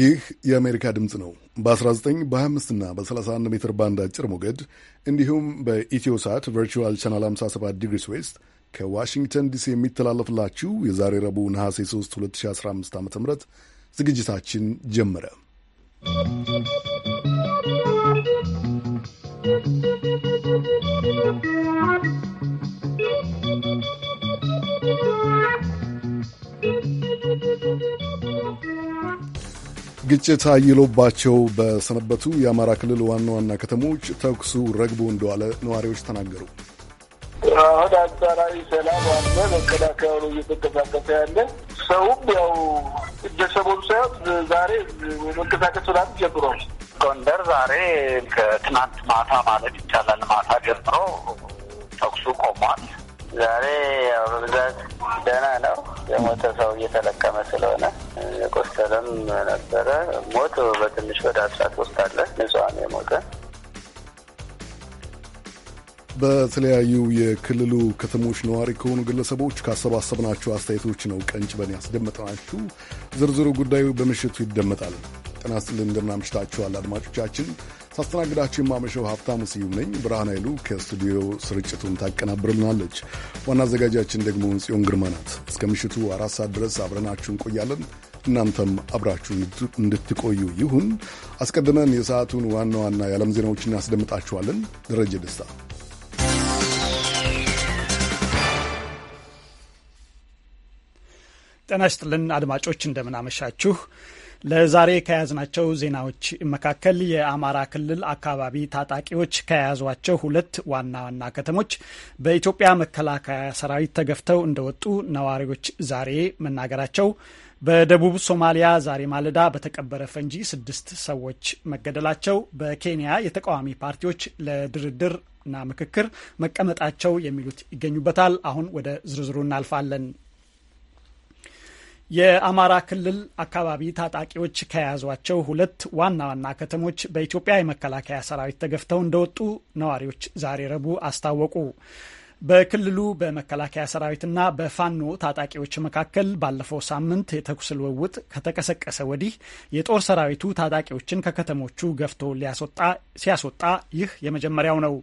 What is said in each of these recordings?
ይህ የአሜሪካ ድምፅ ነው። በ19 በ25ና በ31 ሜትር ባንድ አጭር ሞገድ እንዲሁም ሳት ቨርቹዋል ቻናል 57 ዲግሪስ ዌስት ከዋሽንግተን ዲሲ የሚተላለፍላችሁ የዛሬ ረቡዕ ነሐሴ 3 2015 ዓ ም ዝግጅታችን ጀመረ። ግጭት አይሎባቸው በሰነበቱ የአማራ ክልል ዋና ዋና ከተሞች ተኩሱ ረግቦ እንደዋለ ነዋሪዎች ተናገሩ። አሁን አንጻራዊ ሰላም አለ። መከላከያ ነው እየተንቀሳቀሰ ያለ ሰውም ያው እንደሰሞኑ ሳይሆን ዛሬ መንቀሳቀስ ላም ጀምሯል። ጎንደር ዛሬ ከትናንት ማታ ማለት ይቻላል ማታ ጀምሮ ተኩሱ ቆሟል። ዛሬ ያው በብዛት ደህና ነው። የሞተ ሰው እየተለቀመ ስለሆነ የቆሰለም ነበረ። ሞት በትንሽ ወደ አስራት ውስጥ አለ ንጹሐን የሞተ በተለያዩ የክልሉ ከተሞች ነዋሪ ከሆኑ ግለሰቦች ካሰባሰብናቸው አስተያየቶች ነው ቀንጭበን ያስደመጥናችሁ። ዝርዝሩ ጉዳዩ በምሽቱ ይደመጣል። ጤና ይስጥልን፣ እንደምናምሽታችኋል አድማጮቻችን። ሳስተናግዳችሁ የማመሸው ሀብታሙ ስዩም ነኝ። ብርሃን ኃይሉ ከስቱዲዮ ስርጭቱን ታቀናብርልናለች። ዋና አዘጋጃችን ደግሞ ጽዮን ግርማ ናት። እስከ ምሽቱ አራት ሰዓት ድረስ አብረናችሁ እንቆያለን። እናንተም አብራችሁ እንድትቆዩ ይሁን። አስቀድመን የሰዓቱን ዋና ዋና የዓለም ዜናዎች እናስደምጣችኋለን። ደረጀ ደስታ ጤና ይስጥልን አድማጮች እንደምናመሻችሁ። ለዛሬ ከያዝናቸው ዜናዎች መካከል የአማራ ክልል አካባቢ ታጣቂዎች ከያዟቸው ሁለት ዋና ዋና ከተሞች በኢትዮጵያ መከላከያ ሰራዊት ተገፍተው እንደወጡ ነዋሪዎች ዛሬ መናገራቸው፣ በደቡብ ሶማሊያ ዛሬ ማለዳ በተቀበረ ፈንጂ ስድስት ሰዎች መገደላቸው፣ በኬንያ የተቃዋሚ ፓርቲዎች ለድርድር እና ምክክር መቀመጣቸው የሚሉት ይገኙበታል። አሁን ወደ ዝርዝሩ እናልፋለን። የአማራ ክልል አካባቢ ታጣቂዎች ከያዟቸው ሁለት ዋና ዋና ከተሞች በኢትዮጵያ የመከላከያ ሰራዊት ተገፍተው እንደወጡ ነዋሪዎች ዛሬ ረቡዕ አስታወቁ። በክልሉ በመከላከያ ሰራዊትና በፋኖ ታጣቂዎች መካከል ባለፈው ሳምንት የተኩስ ልውውጥ ከተቀሰቀሰ ወዲህ የጦር ሰራዊቱ ታጣቂዎችን ከከተሞቹ ገፍቶ ሲያስወጣ ይህ የመጀመሪያው ነው።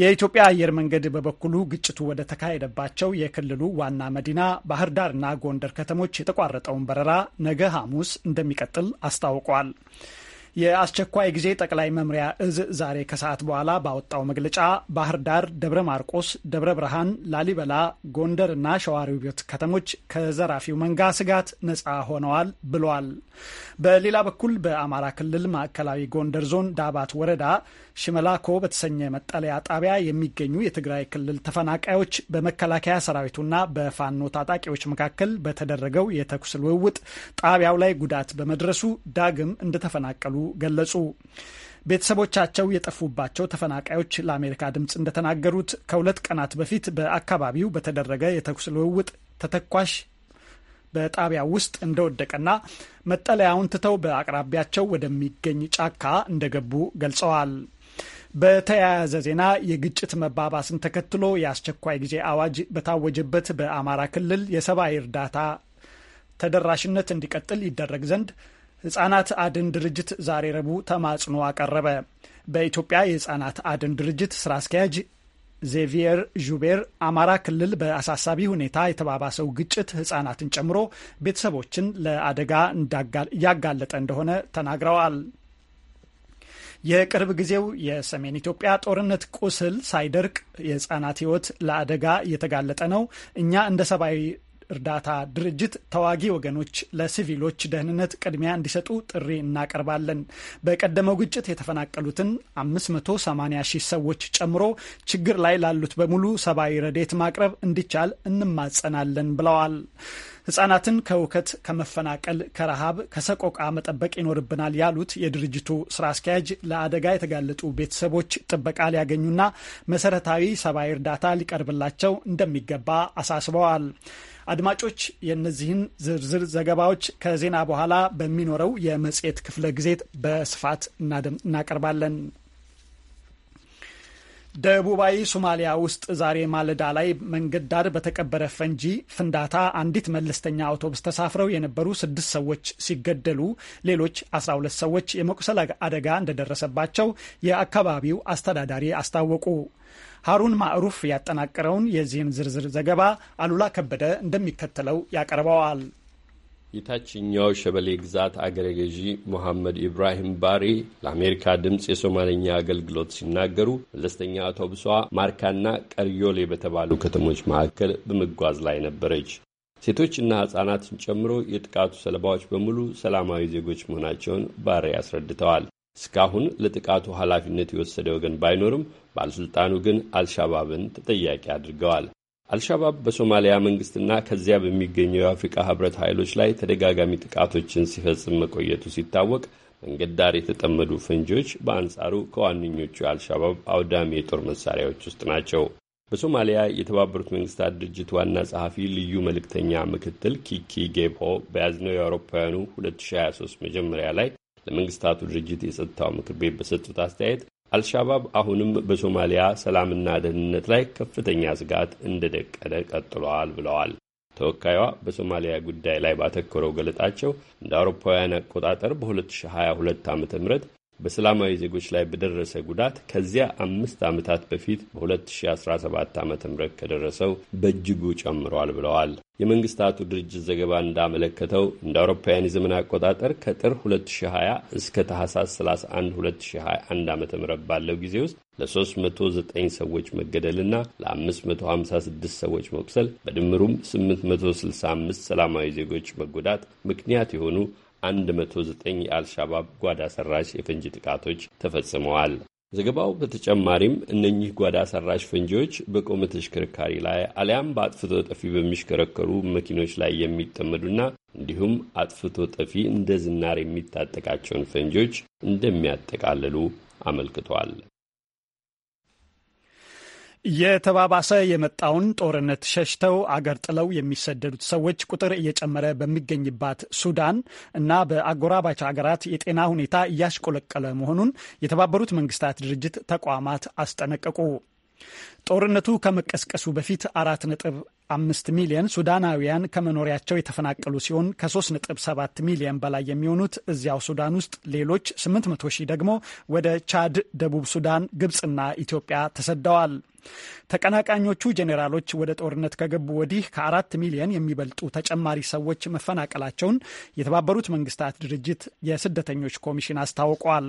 የኢትዮጵያ አየር መንገድ በበኩሉ ግጭቱ ወደ ተካሄደባቸው የክልሉ ዋና መዲና ባህር ዳርና ጎንደር ከተሞች የተቋረጠውን በረራ ነገ ሐሙስ እንደሚቀጥል አስታውቋል። የአስቸኳይ ጊዜ ጠቅላይ መምሪያ እዝ ዛሬ ከሰዓት በኋላ ባወጣው መግለጫ ባህር ዳር፣ ደብረ ማርቆስ፣ ደብረ ብርሃን፣ ላሊበላ፣ ጎንደር እና ሸዋሮቢት ከተሞች ከዘራፊው መንጋ ስጋት ነጻ ሆነዋል ብሏል። በሌላ በኩል በአማራ ክልል ማዕከላዊ ጎንደር ዞን ዳባት ወረዳ ሽመላኮ በተሰኘ መጠለያ ጣቢያ የሚገኙ የትግራይ ክልል ተፈናቃዮች በመከላከያ ሰራዊቱና በፋኖ ታጣቂዎች መካከል በተደረገው የተኩስ ልውውጥ ጣቢያው ላይ ጉዳት በመድረሱ ዳግም እንደተፈናቀሉ ገለጹ። ቤተሰቦቻቸው የጠፉባቸው ተፈናቃዮች ለአሜሪካ ድምፅ እንደተናገሩት ከሁለት ቀናት በፊት በአካባቢው በተደረገ የተኩስ ልውውጥ ተተኳሽ በጣቢያ ውስጥ እንደወደቀና መጠለያውን ትተው በአቅራቢያቸው ወደሚገኝ ጫካ እንደገቡ ገልጸዋል። በተያያዘ ዜና የግጭት መባባስን ተከትሎ የአስቸኳይ ጊዜ አዋጅ በታወጀበት በአማራ ክልል የሰብአዊ እርዳታ ተደራሽነት እንዲቀጥል ይደረግ ዘንድ ህጻናት አድን ድርጅት ዛሬ ረቡዕ ተማጽኖ አቀረበ። በኢትዮጵያ የህጻናት አድን ድርጅት ስራ አስኪያጅ ዜቪየር ዡቤር አማራ ክልል በአሳሳቢ ሁኔታ የተባባሰው ግጭት ህጻናትን ጨምሮ ቤተሰቦችን ለአደጋ እያጋለጠ እንደሆነ ተናግረዋል። የቅርብ ጊዜው የሰሜን ኢትዮጵያ ጦርነት ቁስል ሳይደርቅ የህጻናት ህይወት ለአደጋ እየተጋለጠ ነው። እኛ እንደ ሰብአዊ እርዳታ ድርጅት ተዋጊ ወገኖች ለሲቪሎች ደህንነት ቅድሚያ እንዲሰጡ ጥሪ እናቀርባለን። በቀደመው ግጭት የተፈናቀሉትን 580 ሺህ ሰዎች ጨምሮ ችግር ላይ ላሉት በሙሉ ሰብአዊ ረዴት ማቅረብ እንዲቻል እንማጸናለን ብለዋል። ህጻናትን ከውከት፣ ከመፈናቀል፣ ከረሃብ፣ ከሰቆቃ መጠበቅ ይኖርብናል ያሉት የድርጅቱ ስራ አስኪያጅ ለአደጋ የተጋለጡ ቤተሰቦች ጥበቃ ሊያገኙና መሰረታዊ ሰብአዊ እርዳታ ሊቀርብላቸው እንደሚገባ አሳስበዋል። አድማጮች የእነዚህን ዝርዝር ዘገባዎች ከዜና በኋላ በሚኖረው የመጽሔት ክፍለ ጊዜ በስፋት እናቀርባለን። ደቡባዊ ሶማሊያ ውስጥ ዛሬ ማለዳ ላይ መንገድ ዳር በተቀበረ ፈንጂ ፍንዳታ አንዲት መለስተኛ አውቶቡስ ተሳፍረው የነበሩ ስድስት ሰዎች ሲገደሉ ሌሎች 12 ሰዎች የመቁሰል አደጋ እንደደረሰባቸው የአካባቢው አስተዳዳሪ አስታወቁ። ሀሩን ማዕሩፍ ያጠናቀረውን የዚህን ዝርዝር ዘገባ አሉላ ከበደ እንደሚከተለው ያቀርበዋል። የታችኛው ሸበሌ ግዛት አገረ ገዢ ሞሐመድ ኢብራሂም ባሬ ለአሜሪካ ድምፅ የሶማለኛ አገልግሎት ሲናገሩ መለስተኛ አውቶቡሷ ማርካና ቀርዮሌ በተባሉ ከተሞች መካከል በመጓዝ ላይ ነበረች። ሴቶችና ሕፃናትን ጨምሮ የጥቃቱ ሰለባዎች በሙሉ ሰላማዊ ዜጎች መሆናቸውን ባሬ አስረድተዋል። እስካሁን ለጥቃቱ ኃላፊነት የወሰደ ወገን ባይኖርም ባለሥልጣኑ ግን አልሻባብን ተጠያቂ አድርገዋል። አልሻባብ በሶማሊያ መንግስትና ከዚያ በሚገኘው የአፍሪቃ ህብረት ኃይሎች ላይ ተደጋጋሚ ጥቃቶችን ሲፈጽም መቆየቱ ሲታወቅ መንገድ ዳር የተጠመዱ ፈንጂዎች በአንጻሩ ከዋነኞቹ የአልሻባብ አውዳሚ የጦር መሳሪያዎች ውስጥ ናቸው። በሶማሊያ የተባበሩት መንግስታት ድርጅት ዋና ጸሐፊ ልዩ መልእክተኛ ምክትል ኪኪ ጌብሆ በያዝነው የአውሮፓውያኑ 2023 መጀመሪያ ላይ ለመንግስታቱ ድርጅት የጸጥታው ምክር ቤት በሰጡት አስተያየት አልሻባብ አሁንም በሶማሊያ ሰላምና ደህንነት ላይ ከፍተኛ ስጋት እንደደቀነ ቀጥሏል ብለዋል። ተወካዩዋ በሶማሊያ ጉዳይ ላይ ባተኮረው ገለጣቸው እንደ አውሮፓውያን አቆጣጠር በ2022 ዓ ም በሰላማዊ ዜጎች ላይ በደረሰ ጉዳት ከዚያ አምስት ዓመታት በፊት በ2017 ዓ ም ከደረሰው በእጅጉ ጨምሯል ብለዋል። የመንግስታቱ ድርጅት ዘገባ እንዳመለከተው እንደ አውሮፓውያን የዘመን አቆጣጠር ከጥር 2020 እስከ ታህሳስ 31 2021 ዓ ም ባለው ጊዜ ውስጥ ለ309 ሰዎች መገደልና ለ556 ሰዎች መቁሰል በድምሩም 865 ሰላማዊ ዜጎች መጎዳት ምክንያት የሆኑ 109 የአልሻባብ ጓዳ ሰራሽ የፈንጂ ጥቃቶች ተፈጽመዋል። ዘገባው በተጨማሪም እነኚህ ጓዳ ሰራሽ ፈንጂዎች በቆመ ተሽከርካሪ ላይ አሊያም በአጥፍቶ ጠፊ በሚሽከረከሩ መኪኖች ላይ የሚጠመዱና እንዲሁም አጥፍቶ ጠፊ እንደ ዝናር የሚታጠቃቸውን ፈንጂዎች እንደሚያጠቃልሉ አመልክቷል። የተባባሰ የመጣውን ጦርነት ሸሽተው አገር ጥለው የሚሰደዱት ሰዎች ቁጥር እየጨመረ በሚገኝባት ሱዳን እና በአጎራባች ሀገራት የጤና ሁኔታ እያሽቆለቀለ መሆኑን የተባበሩት መንግስታት ድርጅት ተቋማት አስጠነቀቁ። ጦርነቱ ከመቀስቀሱ በፊት አራት ነጥብ አምስት ሚሊየን ሱዳናውያን ከመኖሪያቸው የተፈናቀሉ ሲሆን ከሶስት ነጥብ ሰባት ሚሊየን በላይ የሚሆኑት እዚያው ሱዳን ውስጥ፣ ሌሎች ስምንት መቶ ሺህ ደግሞ ወደ ቻድ፣ ደቡብ ሱዳን፣ ግብፅና ኢትዮጵያ ተሰደዋል። ተቀናቃኞቹ ጄኔራሎች ወደ ጦርነት ከገቡ ወዲህ ከአራት ሚሊዮን የሚበልጡ ተጨማሪ ሰዎች መፈናቀላቸውን የተባበሩት መንግስታት ድርጅት የስደተኞች ኮሚሽን አስታውቋል።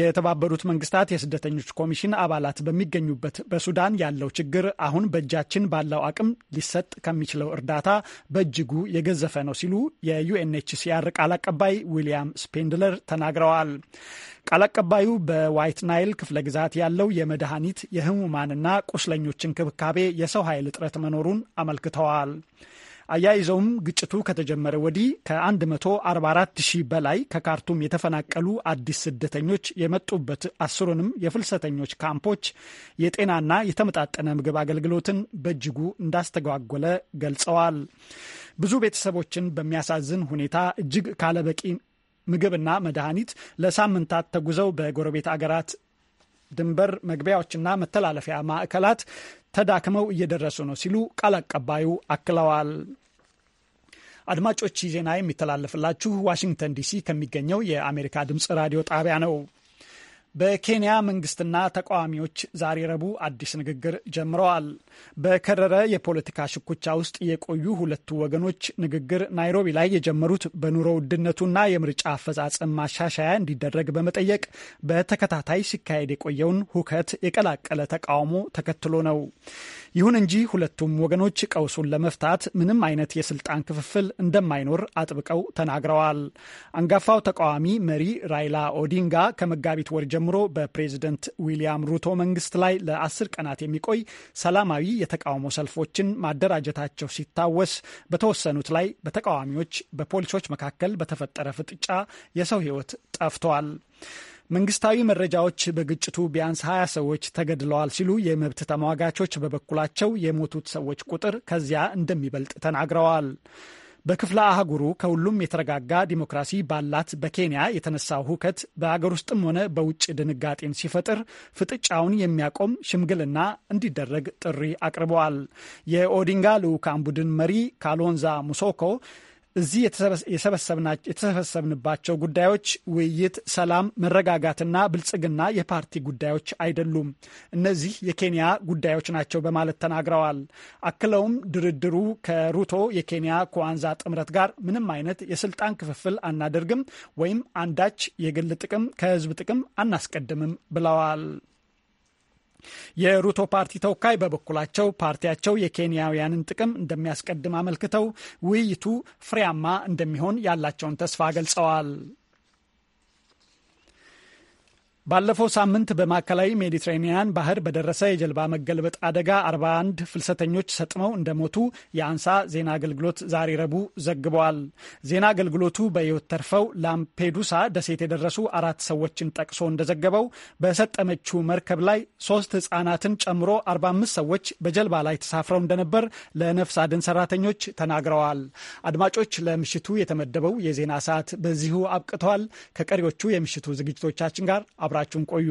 የተባበሩት መንግስታት የስደተኞች ኮሚሽን አባላት በሚገኙበት በሱዳን ያለው ችግር አሁን በእጃችን ባለው አቅም ሊሰጥ ከሚችለው እርዳታ በእጅጉ የገዘፈ ነው ሲሉ የዩኤንኤችሲአር ቃል አቀባይ ዊሊያም ስፔንድለር ተናግረዋል። ቃል አቀባዩ በዋይት ናይል ክፍለ ግዛት ያለው የመድኃኒት የህሙማንና ቁስለኞች እንክብካቤ የሰው ኃይል እጥረት መኖሩን አመልክተዋል። አያይዘውም ግጭቱ ከተጀመረ ወዲህ ከ144 ሺህ በላይ ከካርቱም የተፈናቀሉ አዲስ ስደተኞች የመጡበት አስሩንም የፍልሰተኞች ካምፖች የጤናና የተመጣጠነ ምግብ አገልግሎትን በእጅጉ እንዳስተጓጎለ ገልጸዋል። ብዙ ቤተሰቦችን በሚያሳዝን ሁኔታ እጅግ ካለበቂ ምግብና መድኃኒት ለሳምንታት ተጉዘው በጎረቤት አገራት ድንበር መግቢያዎችና መተላለፊያ ማዕከላት ተዳክመው እየደረሱ ነው ሲሉ ቃል አቀባዩ አክለዋል። አድማጮች ዜና የሚተላለፍላችሁ ዋሽንግተን ዲሲ ከሚገኘው የአሜሪካ ድምፅ ራዲዮ ጣቢያ ነው። በኬንያ መንግስትና ተቃዋሚዎች ዛሬ ረቡዕ አዲስ ንግግር ጀምረዋል። በከረረ የፖለቲካ ሽኩቻ ውስጥ የቆዩ ሁለቱ ወገኖች ንግግር ናይሮቢ ላይ የጀመሩት በኑሮ ውድነቱና የምርጫ አፈጻጸም ማሻሻያ እንዲደረግ በመጠየቅ በተከታታይ ሲካሄድ የቆየውን ሁከት የቀላቀለ ተቃውሞ ተከትሎ ነው። ይሁን እንጂ ሁለቱም ወገኖች ቀውሱን ለመፍታት ምንም አይነት የስልጣን ክፍፍል እንደማይኖር አጥብቀው ተናግረዋል። አንጋፋው ተቃዋሚ መሪ ራይላ ኦዲንጋ ከመጋቢት ወር ጀምሮ በፕሬዝደንት ዊሊያም ሩቶ መንግስት ላይ ለአስር ቀናት የሚቆይ ሰላማዊ የተቃውሞ ሰልፎችን ማደራጀታቸው ሲታወስ በተወሰኑት ላይ በተቃዋሚዎች በፖሊሶች መካከል በተፈጠረ ፍጥጫ የሰው ህይወት ጠፍቷል። መንግስታዊ መረጃዎች በግጭቱ ቢያንስ 20 ሰዎች ተገድለዋል ሲሉ የመብት ተሟጋቾች በበኩላቸው የሞቱት ሰዎች ቁጥር ከዚያ እንደሚበልጥ ተናግረዋል። በክፍለ አህጉሩ ከሁሉም የተረጋጋ ዲሞክራሲ ባላት በኬንያ የተነሳው ሁከት በአገር ውስጥም ሆነ በውጭ ድንጋጤን ሲፈጥር ፍጥጫውን የሚያቆም ሽምግልና እንዲደረግ ጥሪ አቅርበዋል። የኦዲንጋ ልዑካን ቡድን መሪ ካሎንዛ ሙሶኮ እዚህ የተሰበሰብንባቸው ጉዳዮች ውይይት፣ ሰላም፣ መረጋጋትና ብልጽግና የፓርቲ ጉዳዮች አይደሉም። እነዚህ የኬንያ ጉዳዮች ናቸው በማለት ተናግረዋል። አክለውም ድርድሩ ከሩቶ የኬንያ ኩዋንዛ ጥምረት ጋር ምንም አይነት የስልጣን ክፍፍል አናደርግም ወይም አንዳች የግል ጥቅም ከህዝብ ጥቅም አናስቀድምም ብለዋል። የሩቶ ፓርቲ ተወካይ በበኩላቸው ፓርቲያቸው የኬንያውያንን ጥቅም እንደሚያስቀድም አመልክተው ውይይቱ ፍሬያማ እንደሚሆን ያላቸውን ተስፋ ገልጸዋል። ባለፈው ሳምንት በማዕከላዊ ሜዲትሬኒያን ባህር በደረሰ የጀልባ መገልበጥ አደጋ 41 ፍልሰተኞች ሰጥመው እንደሞቱ የአንሳ ዜና አገልግሎት ዛሬ ረቡዕ ዘግበዋል። ዜና አገልግሎቱ በሕይወት ተርፈው ላምፔዱሳ ደሴት የደረሱ አራት ሰዎችን ጠቅሶ እንደዘገበው በሰጠመችው መርከብ ላይ ሶስት ህጻናትን ጨምሮ 45 ሰዎች በጀልባ ላይ ተሳፍረው እንደነበር ለነፍስ አድን ሰራተኞች ተናግረዋል። አድማጮች፣ ለምሽቱ የተመደበው የዜና ሰዓት በዚሁ አብቅተዋል። ከቀሪዎቹ የምሽቱ ዝግጅቶቻችን ጋር አብራችሁን ቆዩ።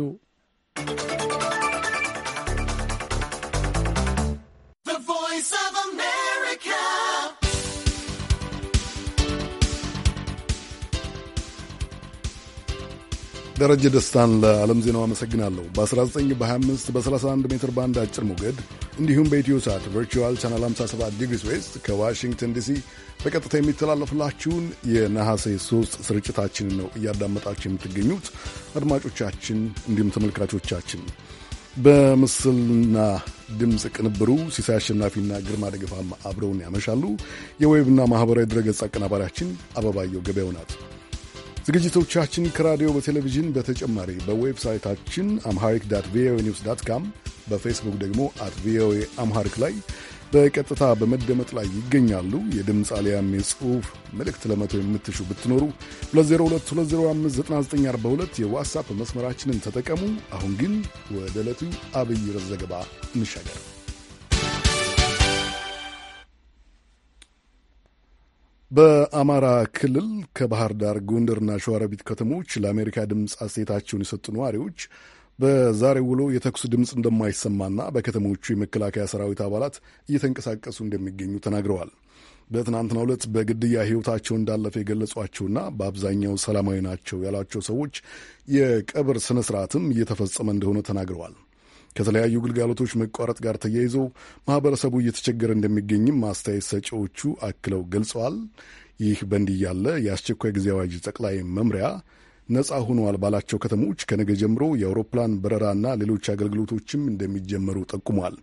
ደረጀ ደስታን ለዓለም ዜናው አመሰግናለሁ። በ19 በ25 በ31 ሜትር ባንድ አጭር ሞገድ እንዲሁም በኢትዮ ሰዓት ቨርቹዋል ቻናል 57 ዲግሪስ ዌስት ከዋሽንግተን ዲሲ በቀጥታ የሚተላለፍላችሁን የነሐሴ 3 ስርጭታችንን ነው እያዳመጣችሁ የምትገኙት አድማጮቻችን፣ እንዲሁም ተመልካቾቻችን። በምስልና ድምፅ ቅንብሩ ሲሳይ አሸናፊና ግርማ ደገፋም አብረውን ያመሻሉ። የዌብና ማኅበራዊ ድረገጽ አቀናባሪያችን አበባየው ገበያው ናት። ዝግጅቶቻችን ከራዲዮ በቴሌቪዥን በተጨማሪ በዌብሳይታችን አምሃሪክ ዳት ቪኦኤ ኒውስ ዳት ካም በፌስቡክ ደግሞ አት ቪኦኤ አምሃሪክ ላይ በቀጥታ በመደመጥ ላይ ይገኛሉ። የድምፅ አሊያም የጽሑፍ መልእክት ለመቶ የምትሹ ብትኖሩ 2022059942 የዋትሳፕ መስመራችንን ተጠቀሙ። አሁን ግን ወደ ዕለቱ አብይ ዘገባ እንሻገር። በአማራ ክልል ከባህር ዳር፣ ጎንደርና ሸዋረቢት ከተሞች ለአሜሪካ ድምፅ አስተያየታቸውን የሰጡ ነዋሪዎች በዛሬ ውሎ የተኩስ ድምፅ እንደማይሰማና በከተሞቹ የመከላከያ ሰራዊት አባላት እየተንቀሳቀሱ እንደሚገኙ ተናግረዋል። በትናንትናው ዕለት በግድያ ሕይወታቸው እንዳለፈ የገለጿቸውና በአብዛኛው ሰላማዊ ናቸው ያሏቸው ሰዎች የቀብር ስነ ስርዓትም እየተፈጸመ እንደሆነ ተናግረዋል። ከተለያዩ ግልጋሎቶች መቋረጥ ጋር ተያይዞ ማህበረሰቡ እየተቸገረ እንደሚገኝም አስተያየት ሰጪዎቹ አክለው ገልጸዋል። ይህ በእንዲህ ያለ የአስቸኳይ ጊዜ አዋጅ ጠቅላይ መምሪያ ነጻ ሆነዋል ባላቸው ከተሞች ከነገ ጀምሮ የአውሮፕላን በረራና ሌሎች አገልግሎቶችም እንደሚጀመሩ ጠቁሟል።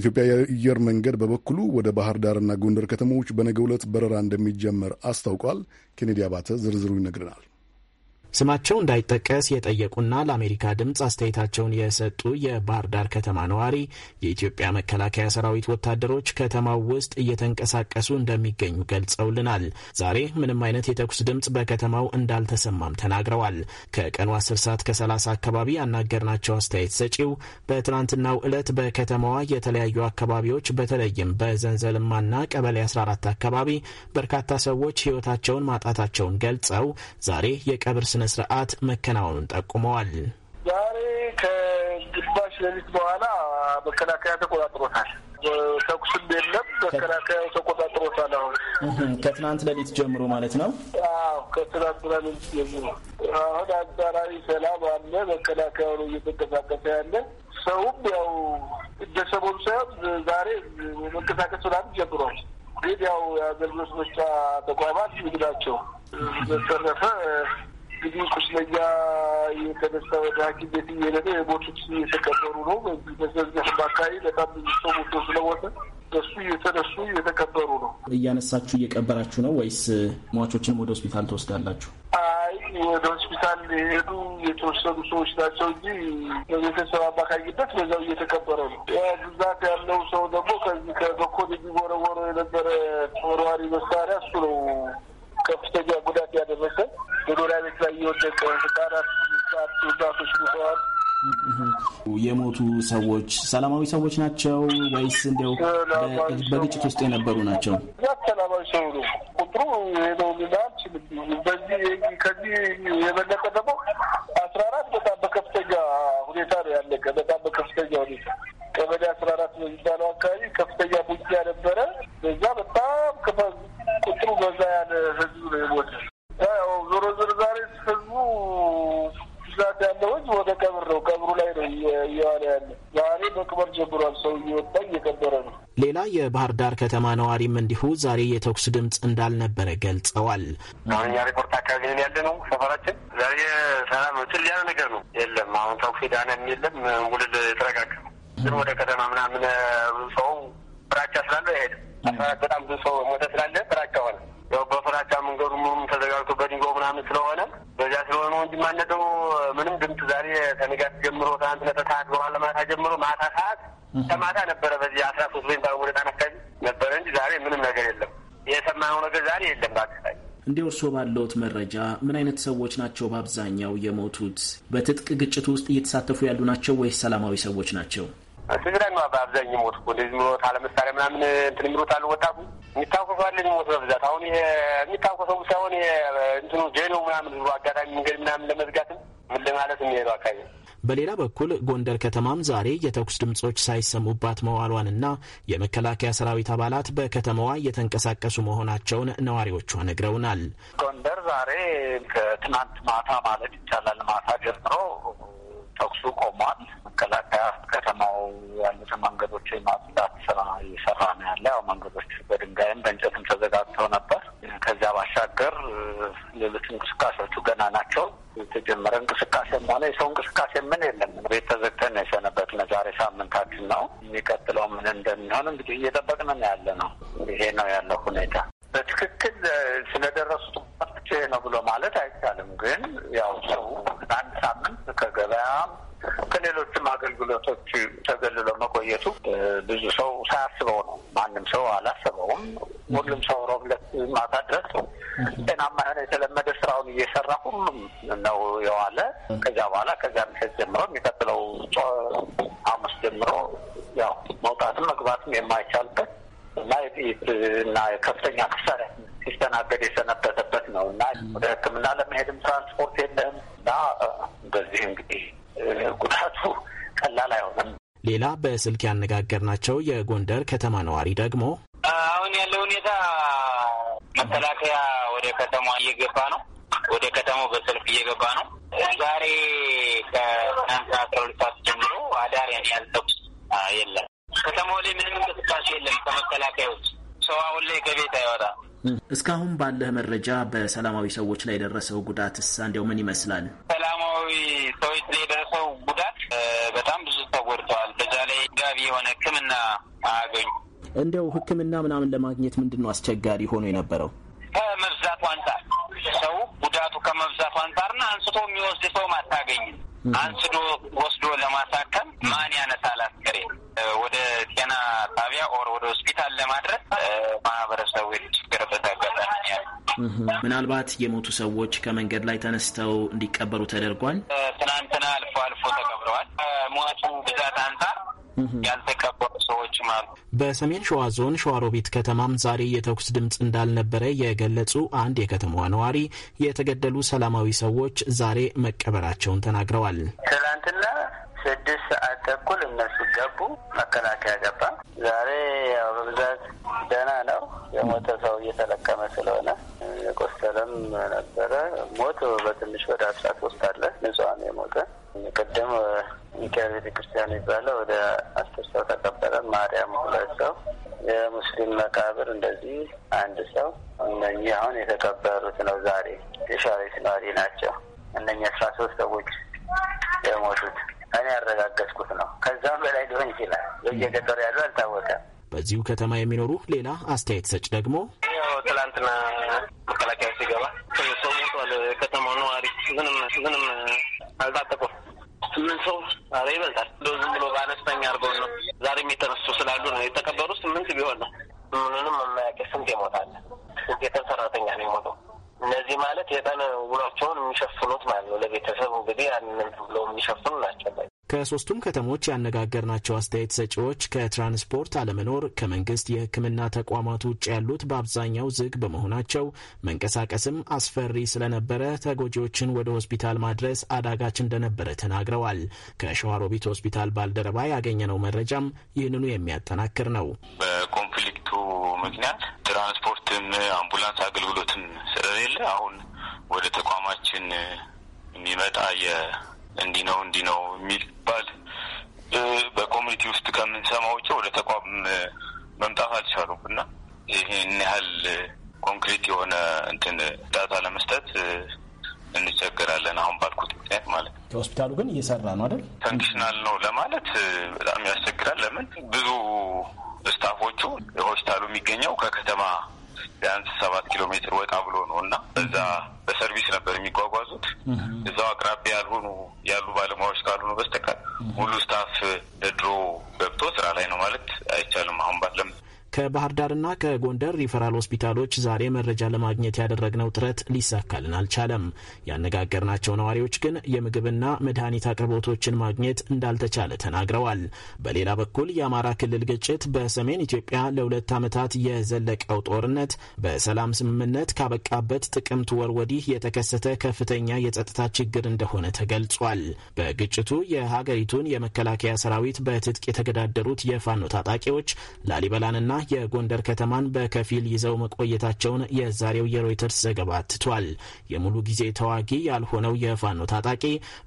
ኢትዮጵያ የአየር መንገድ በበኩሉ ወደ ባህር ዳርና ጎንደር ከተሞች በነገ ዕለት በረራ እንደሚጀመር አስታውቋል። ኬኔዲ አባተ ዝርዝሩ ይነግረናል። ስማቸው እንዳይጠቀስ የጠየቁና ለአሜሪካ ድምፅ አስተያየታቸውን የሰጡ የባህር ዳር ከተማ ነዋሪ የኢትዮጵያ መከላከያ ሰራዊት ወታደሮች ከተማው ውስጥ እየተንቀሳቀሱ እንደሚገኙ ገልጸውልናል። ዛሬ ምንም አይነት የተኩስ ድምፅ በከተማው እንዳልተሰማም ተናግረዋል። ከቀኑ 10 ሰዓት ከ30 አካባቢ ያናገርናቸው አስተያየት ሰጪው በትናንትናው ዕለት በከተማዋ የተለያዩ አካባቢዎች በተለይም በዘንዘልማና ቀበሌ 14 አካባቢ በርካታ ሰዎች ሕይወታቸውን ማጣታቸውን ገልጸው ዛሬ የቀብር ስነ ስርዓት መከናወኑን ጠቁመዋል። ዛሬ ከግማሽ ሌሊት በኋላ መከላከያ ተቆጣጥሮታል። ተኩስም የለም። መከላከያው ተቆጣጥሮታል። አሁን ከትናንት ሌሊት ጀምሮ ማለት ነው። አዎ ከትናንት ሌሊት ጀምሮ አሁን አንጻራዊ ሰላም አለ። መከላከያው ነው እየተንቀሳቀሰ ያለ። ሰውም ያው እንደ ሰሞኑ ሳይሆን ዛሬ መንቀሳቀስ ላም ጀምሯል። ግን ያው የአገልግሎት መስጫ ተቋማት ምግ በተረፈ ብዙ ቁስለኛ የተነሳ ወደ ሐኪም ቤት እየሄደ የሞቱት እየተቀበሩ ነው። በዚህ አካባቢ በጣም ብዙ ሰው ሞቶ ስለወሰ እሱ እየተነሱ እየተቀበሩ ነው። እያነሳችሁ እየቀበራችሁ ነው ወይስ ሟቾችንም ወደ ሆስፒታል ትወስዳላችሁ? አይ ወደ ሆስፒታል የሄዱ የተወሰኑ ሰዎች ናቸው እንጂ በቤተሰብ አማካኝነት በዛው እየተቀበረ ነው። ብዛት ያለው ሰው ደግሞ ከዚህ ከበኮን የሚወረወረው የነበረ ተወርዋሪ መሳሪያ እሱ ነው ከፍተኛ ጉዳት ያደረሰ መኖሪያ ቤት ላይ የወደቀ ህጻናት እናቶች ሙተዋል። የሞቱ ሰዎች ሰላማዊ ሰዎች ናቸው ወይስ እንዲያው በግጭት ውስጥ የነበሩ ናቸው? ያት ሰላማዊ ሰው ነው ቁጥሩ ነው በዚህ ከዚህ የበለጠ ደግሞ አስራ አራት በጣም በከፍተኛ ሁኔታ ነው ያለቀ። በጣም በከፍተኛ ሁኔታ የባህር ዳር ከተማ ነዋሪም እንዲሁ ዛሬ የተኩስ ድምፅ እንዳልነበረ ገልጸዋል። አሁን እኛ ሪፖርት አካባቢ ነን ያለ ነው ሰፈራችን። ዛሬ ሰላም ነው፣ ጭል ያለ ነገር ነው። የለም አሁን ተኩስ ዳነ የለም። ውልል የተረጋጋ ግን ወደ ከተማ ምናምን ሰው ፍራቻ ስላለ አይሄድም። በጣም ብዙ ሰው ሞተ ስላለ ፍራቻ ሆነ። ያው በፍራቻ መንገዱ ምኑም ተዘጋግቶ በድንጋይ ምናምን ስለሆነ በዚያ ስለሆነ ነው እንጂ ማነደው ምንም ድምፅ ዛሬ ከንጋት ጀምሮ ትናንት ነተ ሰዓት በኋላ ማታ ጀምሮ ማታ ሰዓት ከማታ ነበረ በዚህ አስራ ሶስት ወይም እንደ እርስዎ ባለዎት መረጃ ምን አይነት ሰዎች ናቸው በአብዛኛው የሞቱት? በትጥቅ ግጭት ውስጥ እየተሳተፉ ያሉ ናቸው ወይስ ሰላማዊ ሰዎች ናቸው? ሲቪላን በአብዛኛው ሞት እኮ እንደዚህ ምሮት አለመሳሪያ ምናምን እንትን የሚሮት አለ ወጣቱ የሚታኮሰው አለ የሚሞት በብዛት አሁን ይሄ የሚታኮሰው ሳይሆን ይሄ እንትኑ ጄኖ ምናምን አጋጣሚ መንገድ ምናምን ለመዝጋትም ምን ለማለት የሚሄዱ አካባቢ በሌላ በኩል ጎንደር ከተማም ዛሬ የተኩስ ድምፆች ሳይሰሙባት መዋሏንና የመከላከያ ሰራዊት አባላት በከተማዋ እየተንቀሳቀሱ መሆናቸውን ነዋሪዎቿ ነግረውናል። ጎንደር ዛሬ ከትናንት ማታ ማለት ይቻላል ማታ ጀምሮ ተኩሱ ቆሟል። መከላከያ ከተማው ያሉትን መንገዶች የማጽዳት ስራ እየሰራ ነው ያለ። ያው መንገዶች በድንጋይም በእንጨትም ተዘጋግተው ነበር። ከዚያ ባሻገር ሌሎች እንቅስቃሴዎቹ ገና ናቸው። የተጀመረ እንቅስቃሴ ማለ የሰው እንቅስቃሴ ምን የለም። ቤት ተዘግተን የሰነበት ነው። ሳምንታችን ነው። የሚቀጥለው ምን እንደሚሆን እንግዲህ እየጠበቅን ነው ያለ ነው። ይሄ ነው ያለው ሁኔታ። በትክክል ስለደረሱት ነው ብሎ ማለት አይቻልም። ግን ያው ሰው አንድ ሳምንት ከገበያም ከሌሎችም አገልግሎቶች ተገልሎ መቆየቱ ብዙ ሰው ሳያስበው ነው። ማንም ሰው አላሰበውም። ሁሉም ሰው ሮብለት ማታ ድረስ ጤናማ የሆነ የተለመደ ስራውን እየሰራ ሁሉም ነው የዋለ። ከዚያ በኋላ ከዚያ ምሽት ጀምሮ የሚቀጥለው ሐሙስ ጀምሮ ያው መውጣትም መግባትም የማይቻልበት እና እና ከፍተኛ መሳሪያ ሲስተናገድ የሰነበተበት ነው እና ወደ ሕክምና ለመሄድም ትራንስፖርት የለህም እና በዚህ እንግዲህ ጉዳቱ ቀላል አይሆንም። ሌላ በስልክ ያነጋገርናቸው የጎንደር ከተማ ነዋሪ ደግሞ አሁን ያለው ሁኔታ መከላከያ ወደ ከተማ እየገባ ነው። ወደ ከተማው በሰልፍ እየገባ ነው። ዛሬ ከትናንት አስራ ሁለት ሰዓት ጀምሮ አዳር ያን ያህል ተኩስ የለም። ከተማው ላይ ምንም እንቅስቃሴ የለም። ከመከላከያ ውጭ ሰው አሁን ላይ ከቤት አይወጣም። እስካሁን ባለህ መረጃ በሰላማዊ ሰዎች ላይ የደረሰው ጉዳት እሳ እንዲያው ምን ይመስላል? ሰላማዊ ሰዎች ላይ የደረሰው ጉዳት በጣም ብዙ ተጎድተዋል። በዛ ላይ ጋቢ የሆነ ሕክምና አያገኙ እንዲያው ሕክምና ምናምን ለማግኘት ምንድን ነው አስቸጋሪ ሆኖ የነበረው? ከመብዛቱ አንጻር ሰው ጉዳቱ ከመብዛቱ አንጻርና አንስቶ የሚወስድ ሰውም አታገኝም። አንስዶ ወስዶ ለማሳከም ማን ያነሳል አስከሬን ወደ ጤና ጣቢያ ኦር ወደ ሆስፒታል ለማድረስ ማህበረሰቡ የተቸገረበት አጋጣሚ ያለ። ምናልባት የሞቱ ሰዎች ከመንገድ ላይ ተነስተው እንዲቀበሩ ተደርጓል። ትናንትና አልፎ አልፎ ተቀብረዋል። ሟቹ ብዛት አንጻር ያልተቀበሩ ሰዎችም አሉ። በሰሜን ሸዋ ዞን ሸዋሮቢት ከተማም ዛሬ የተኩስ ድምፅ እንዳልነበረ የገለጹ አንድ የከተማዋ ነዋሪ የተገደሉ ሰላማዊ ሰዎች ዛሬ መቀበራቸውን ተናግረዋል። ትናንትና ስድስት ሰዓት ተኩል እነሱ ገቡ፣ መከላከያ ገባ። ዛሬ ያው በብዛት ደህና ነው። የሞተ ሰው እየተለቀመ ስለሆነ የቆሰለም ነበረ። ሞት በትንሽ ወደ አስራ ሶስት አለ ንጹሐን የሞተ ቅድም ሚካኤል ቤተክርስቲያን የሚባለው ወደ አስር ሰው ተቀበለ። ማርያም ሁለት ሰው የሙስሊም መቃብር እንደዚህ አንድ ሰው። እነኚህ አሁን የተቀበሩት ነው። ዛሬ የሻሬት ነዋሪ ናቸው እነኚህ አስራ ሶስት ሰዎች የሞቱት እኔ ያረጋገጥኩት ነው። ከዛም በላይ ሊሆን ይችላል። በየገጠሩ ያሉ አልታወቀም። በዚሁ ከተማ የሚኖሩ ሌላ አስተያየት ሰጭ ደግሞ ትላንትና መከላከያ ሲገባ ሰው ሞቷል። ከተማው ነዋሪ ምንም ምንም አልታጠቁም። ስምንት ሰው ኧረ ይበልጣል። ዝም ብሎ በአነስተኛ አድርገው ነው ዛሬም የተነሱ ስላሉ ነው የተቀበሩ ስምንት ቢሆን ነው ምንም የማያውቅ ስንት ይሞታል። ስንት የተን ሰራተኛ ነው የሞተው እነዚህ ማለት የቀን ውሏቸውን የሚሸፍኑት ማለት ነው። ለቤተሰብ እንግዲህ ያንን ብለው የሚሸፍኑ ናቸው። ከሶስቱም ከተሞች ያነጋገርናቸው አስተያየት ሰጪዎች ከትራንስፖርት አለመኖር፣ ከመንግስት የሕክምና ተቋማት ውጭ ያሉት በአብዛኛው ዝግ በመሆናቸው መንቀሳቀስም አስፈሪ ስለነበረ ተጎጂዎችን ወደ ሆስፒታል ማድረስ አዳጋች እንደነበረ ተናግረዋል። ከሸዋሮቢት ሆስፒታል ባልደረባ ያገኘነው መረጃም ይህንኑ የሚያጠናክር ነው። በኮንፍሊክቱ ምክንያት ትራንስፖርትም አምቡላንስ አገልግሎትም ስለሌለ አሁን ወደ ተቋማችን የሚመጣ እንዲህ ነው እንዲህ ነው የሚባል በኮሚኒቲ ውስጥ ከምንሰማው ውጪ ወደ ተቋም መምጣት አልቻሉም እና ይህን ያህል ኮንክሪት የሆነ እንትን እርዳታ ለመስጠት እንቸገራለን። አሁን ባልኩት ምክንያት ማለት ነው። ሆስፒታሉ ግን እየሰራ ነው አይደል? ፈንክሽናል ነው ለማለት በጣም ያስቸግራል። ለምን ብዙ ስታፎቹ ሆስፒታሉ የሚገኘው ከከተማ ቢያንስ ሰባት ኪሎ ሜትር ወጣ ብሎ ነው እና እዛ በሰርቪስ ነበር የሚጓጓዙት። እዛው አቅራቢያ ያልሆኑ ያሉ ባለሙያዎች ካልሆኑ በስተቀር ሙሉ ስታፍ ከባህር ዳርና ከጎንደር ሪፈራል ሆስፒታሎች ዛሬ መረጃ ለማግኘት ያደረግነው ጥረት ሊሳካልን አልቻለም። ያነጋገርናቸው ነዋሪዎች ግን የምግብና መድኃኒት አቅርቦቶችን ማግኘት እንዳልተቻለ ተናግረዋል። በሌላ በኩል የአማራ ክልል ግጭት በሰሜን ኢትዮጵያ ለሁለት ዓመታት የዘለቀው ጦርነት በሰላም ስምምነት ካበቃበት ጥቅምት ወር ወዲህ የተከሰተ ከፍተኛ የጸጥታ ችግር እንደሆነ ተገልጿል። በግጭቱ የሀገሪቱን የመከላከያ ሰራዊት በትጥቅ የተገዳደሩት የፋኖ ታጣቂዎች ላሊበላንና የጎንደር ከተማን በከፊል ይዘው መቆየታቸውን የዛሬው የሮይተርስ ዘገባ አትቷል። የሙሉ ጊዜ ተዋጊ ያልሆነው የፋኖ ታጣቂ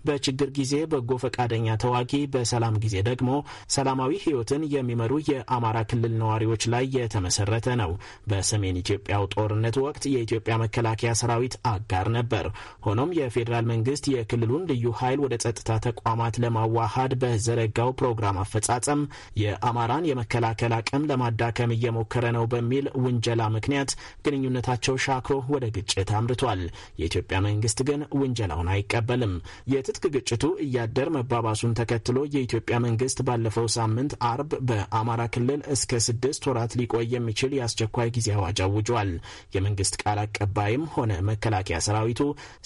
በችግር ጊዜ በጎ ፈቃደኛ ተዋጊ፣ በሰላም ጊዜ ደግሞ ሰላማዊ ሕይወትን የሚመሩ የአማራ ክልል ነዋሪዎች ላይ የተመሰረተ ነው። በሰሜን ኢትዮጵያው ጦርነት ወቅት የኢትዮጵያ መከላከያ ሰራዊት አጋር ነበር። ሆኖም የፌዴራል መንግስት የክልሉን ልዩ ኃይል ወደ ጸጥታ ተቋማት ለማዋሃድ በዘረጋው ፕሮግራም አፈጻጸም የአማራን የመከላከል አቅም ለማዳከም ለመጠቀም እየሞከረ ነው በሚል ውንጀላ ምክንያት ግንኙነታቸው ሻክሮ ወደ ግጭት አምርቷል። የኢትዮጵያ መንግስት ግን ውንጀላውን አይቀበልም። የትጥቅ ግጭቱ እያደር መባባሱን ተከትሎ የኢትዮጵያ መንግስት ባለፈው ሳምንት አርብ በአማራ ክልል እስከ ስድስት ወራት ሊቆይ የሚችል የአስቸኳይ ጊዜ አዋጅ አውጇል። የመንግስት ቃል አቀባይም ሆነ መከላከያ ሰራዊቱ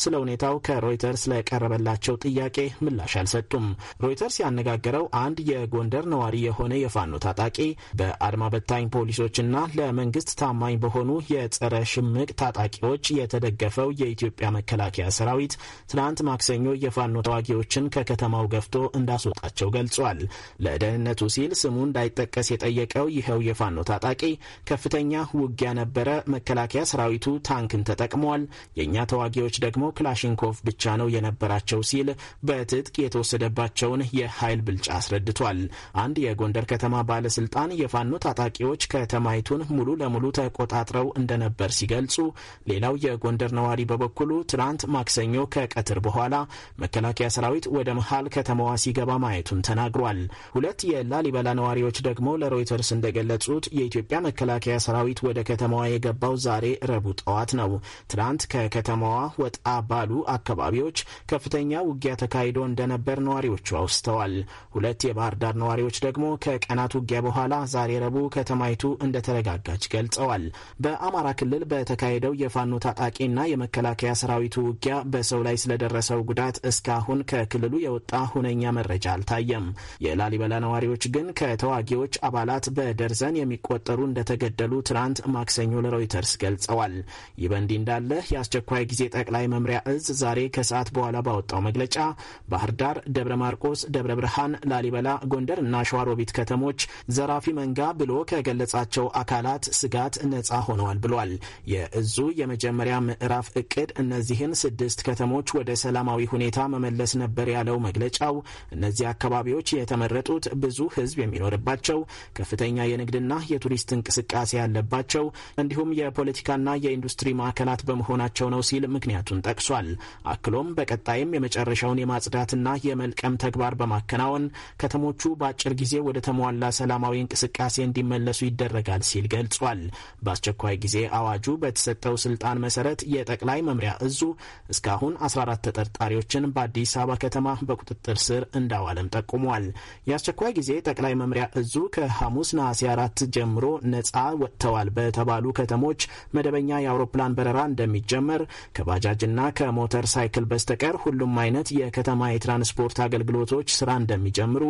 ስለ ሁኔታው ከሮይተርስ ለቀረበላቸው ጥያቄ ምላሽ አልሰጡም። ሮይተርስ ያነጋገረው አንድ የጎንደር ነዋሪ የሆነ የፋኖ ታጣቂ በአድማ በታኝ ፖሊሶችና ለመንግስት ታማኝ በሆኑ የጸረ ሽምቅ ታጣቂዎች የተደገፈው የኢትዮጵያ መከላከያ ሰራዊት ትናንት ማክሰኞ የፋኖ ተዋጊዎችን ከከተማው ገፍቶ እንዳስወጣቸው ገልጿል። ለደህንነቱ ሲል ስሙ እንዳይጠቀስ የጠየቀው ይኸው የፋኖ ታጣቂ ከፍተኛ ውጊያ ነበረ፣ መከላከያ ሰራዊቱ ታንክን ተጠቅሟል፣ የእኛ ተዋጊዎች ደግሞ ክላሽንኮቭ ብቻ ነው የነበራቸው ሲል በትጥቅ የተወሰደባቸውን የኃይል ብልጫ አስረድቷል። አንድ የጎንደር ከተማ ባለስልጣን የፋኖ ታጣቂዎች ኃይሎች ከተማይቱን ሙሉ ለሙሉ ተቆጣጥረው እንደነበር ሲገልጹ፣ ሌላው የጎንደር ነዋሪ በበኩሉ ትናንት ማክሰኞ ከቀትር በኋላ መከላከያ ሰራዊት ወደ መሀል ከተማዋ ሲገባ ማየቱን ተናግሯል። ሁለት የላሊበላ ነዋሪዎች ደግሞ ለሮይተርስ እንደገለጹት የኢትዮጵያ መከላከያ ሰራዊት ወደ ከተማዋ የገባው ዛሬ ረቡዕ ጠዋት ነው። ትናንት ከከተማዋ ወጣ ባሉ አካባቢዎች ከፍተኛ ውጊያ ተካሂዶ እንደነበር ነዋሪዎቹ አውስተዋል። ሁለት የባህር ዳር ነዋሪዎች ደግሞ ከቀናት ውጊያ በኋላ ዛሬ ረቡዕ ከተማ ጣይቱ እንደተረጋጋች ገልጸዋል። በአማራ ክልል በተካሄደው የፋኖ ታጣቂና የመከላከያ ሰራዊቱ ውጊያ በሰው ላይ ስለደረሰው ጉዳት እስካሁን ከክልሉ የወጣ ሁነኛ መረጃ አልታየም። የላሊበላ ነዋሪዎች ግን ከተዋጊዎች አባላት በደርዘን የሚቆጠሩ እንደተገደሉ ትናንት ማክሰኞ ለሮይተርስ ገልጸዋል። ይህ በእንዲህ እንዳለ የአስቸኳይ ጊዜ ጠቅላይ መምሪያ እዝ ዛሬ ከሰዓት በኋላ ባወጣው መግለጫ ባህር ዳር፣ ደብረ ማርቆስ፣ ደብረ ብርሃን፣ ላሊበላ፣ ጎንደር እና ሸዋሮቢት ከተሞች ዘራፊ መንጋ ብሎ ከገለ የገለጻቸው አካላት ስጋት ነጻ ሆነዋል ብሏል። የእዙ የመጀመሪያ ምዕራፍ እቅድ እነዚህን ስድስት ከተሞች ወደ ሰላማዊ ሁኔታ መመለስ ነበር ያለው መግለጫው፣ እነዚህ አካባቢዎች የተመረጡት ብዙ ህዝብ የሚኖርባቸው ከፍተኛ የንግድና የቱሪስት እንቅስቃሴ ያለባቸው እንዲሁም የፖለቲካና የኢንዱስትሪ ማዕከላት በመሆናቸው ነው ሲል ምክንያቱን ጠቅሷል። አክሎም በቀጣይም የመጨረሻውን የማጽዳትና የመልቀም ተግባር በማከናወን ከተሞቹ በአጭር ጊዜ ወደ ተሟላ ሰላማዊ እንቅስቃሴ እንዲመለሱ ይደረጋል ሲል ገልጿል። በአስቸኳይ ጊዜ አዋጁ በተሰጠው ስልጣን መሰረት የጠቅላይ መምሪያ እዙ እስካሁን 14 ተጠርጣሪዎችን በአዲስ አበባ ከተማ በቁጥጥር ስር እንዳዋለም ጠቁሟል። የአስቸኳይ ጊዜ ጠቅላይ መምሪያ እዙ ከሐሙስ ነሐሴ አራት ጀምሮ ነጻ ወጥተዋል በተባሉ ከተሞች መደበኛ የአውሮፕላን በረራ እንደሚጀመር ከባጃጅና ከሞተር ሳይክል በስተቀር ሁሉም አይነት የከተማ የትራንስፖርት አገልግሎቶች ስራ እንደሚጀምሩ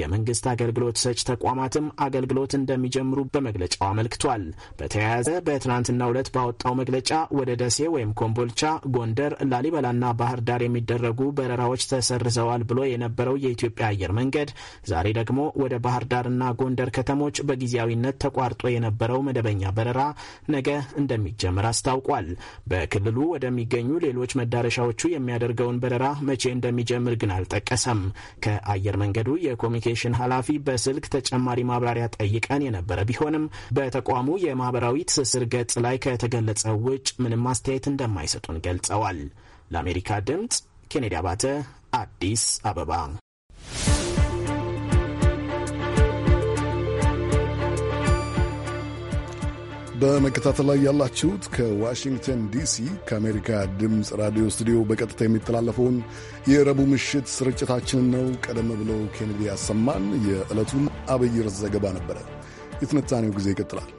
የመንግስት አገልግሎት ሰጭ ተቋማትም አገልግሎት እንደሚጀምሩ መስተዳድሩ በመግለጫው አመልክቷል። በተያያዘ በትናንትናው ዕለት ባወጣው መግለጫ ወደ ደሴ ወይም ኮምቦልቻ፣ ጎንደር፣ ላሊበላና ባህር ዳር የሚደረጉ በረራዎች ተሰርዘዋል ብሎ የነበረው የኢትዮጵያ አየር መንገድ ዛሬ ደግሞ ወደ ባህር ዳርና ጎንደር ከተሞች በጊዜያዊነት ተቋርጦ የነበረው መደበኛ በረራ ነገ እንደሚጀምር አስታውቋል። በክልሉ ወደሚገኙ ሌሎች መዳረሻዎቹ የሚያደርገውን በረራ መቼ እንደሚጀምር ግን አልጠቀሰም። ከአየር መንገዱ የኮሚኒኬሽን ኃላፊ በስልክ ተጨማሪ ማብራሪያ ጠይቀን የነበረ ቢሆንም በተቋሙ የማህበራዊ ትስስር ገጽ ላይ ከተገለጸ ውጭ ምንም አስተያየት እንደማይሰጡን ገልጸዋል። ለአሜሪካ ድምፅ ኬኔዲ አባተ አዲስ አበባ። በመከታተል ላይ ያላችሁት ከዋሽንግተን ዲሲ ከአሜሪካ ድምፅ ራዲዮ ስቱዲዮ በቀጥታ የሚተላለፈውን የረቡዕ ምሽት ስርጭታችንን ነው። ቀደም ብለው ኬኔዲ ያሰማን የዕለቱን አብይ ርዕስ ዘገባ ነበረ። የትንታኔው ጊዜ ይቀጥላል።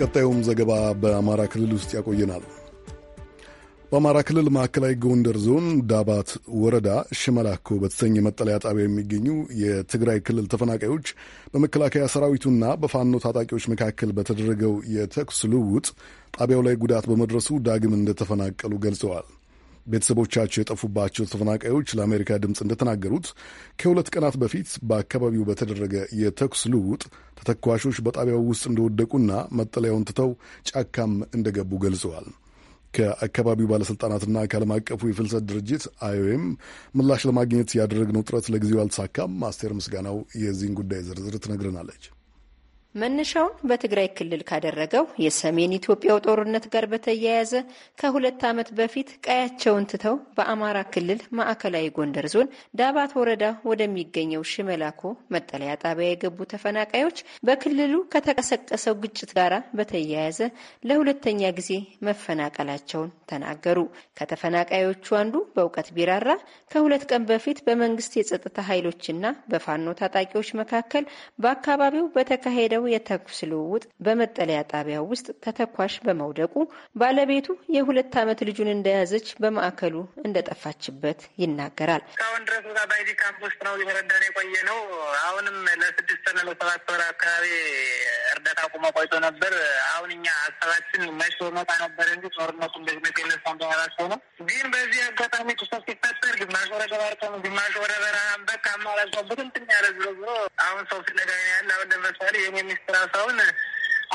ቀጣዩም ዘገባ በአማራ ክልል ውስጥ ያቆየናል። በአማራ ክልል ማዕከላዊ ጎንደር ዞን ዳባት ወረዳ ሽመላኮ በተሰኘ መጠለያ ጣቢያ የሚገኙ የትግራይ ክልል ተፈናቃዮች በመከላከያ ሰራዊቱና በፋኖ ታጣቂዎች መካከል በተደረገው የተኩስ ልውውጥ ጣቢያው ላይ ጉዳት በመድረሱ ዳግም እንደተፈናቀሉ ገልጸዋል። ቤተሰቦቻቸው የጠፉባቸው ተፈናቃዮች ለአሜሪካ ድምፅ እንደተናገሩት ከሁለት ቀናት በፊት በአካባቢው በተደረገ የተኩስ ልውውጥ ተተኳሾች በጣቢያው ውስጥ እንደወደቁና መጠለያውን ትተው ጫካም እንደገቡ ገልጸዋል። ከአካባቢው ባለሥልጣናትና ከዓለም አቀፉ የፍልሰት ድርጅት አይኦኤም ምላሽ ለማግኘት ያደረግነው ጥረት ለጊዜው አልተሳካም። አስቴር ምስጋናው የዚህን ጉዳይ ዝርዝር ትነግረናለች። መነሻውን በትግራይ ክልል ካደረገው የሰሜን ኢትዮጵያው ጦርነት ጋር በተያያዘ ከሁለት ዓመት በፊት ቀያቸውን ትተው በአማራ ክልል ማዕከላዊ ጎንደር ዞን ዳባት ወረዳ ወደሚገኘው ሽመላኮ መጠለያ ጣቢያ የገቡ ተፈናቃዮች በክልሉ ከተቀሰቀሰው ግጭት ጋር በተያያዘ ለሁለተኛ ጊዜ መፈናቀላቸውን ተናገሩ። ከተፈናቃዮቹ አንዱ በእውቀት ቢራራ ከሁለት ቀን በፊት በመንግስት የጸጥታ ኃይሎችና በፋኖ ታጣቂዎች መካከል በአካባቢው በተካሄደው የተካሄደው የተኩስ ልውውጥ በመጠለያ ጣቢያ ውስጥ ተተኳሽ በመውደቁ ባለቤቱ የሁለት ዓመት ልጁን እንደያዘች በማዕከሉ እንደጠፋችበት ይናገራል። እስካሁን ድረስ ዛ ባይዲ ካምፕ ውስጥ ነው እየተረዳን የቆየ ነው። አሁንም ለስድስት ነ ለሰባት ወር አካባቢ እርዳታ ቁመ ቆይቶ ነበር። አሁን እኛ ሀሳባችን መሽ መጣ ነበር እንጂ ጦርነቱ እንደዚህ መገለጽ ንደራስ ነው። ግን በዚህ አጋጣሚ ክስተት ሲፈጠር ግማሽ ወደ ገባርቀም ግማሽ ወደ በረሃን በቃ አማላቸውበትም ትን ያለ ዝሮ ዝሮ አሁን ሰው ፍለጋ ያለ አሁን ለምሳሌ የኔ ሚስት ራሷውን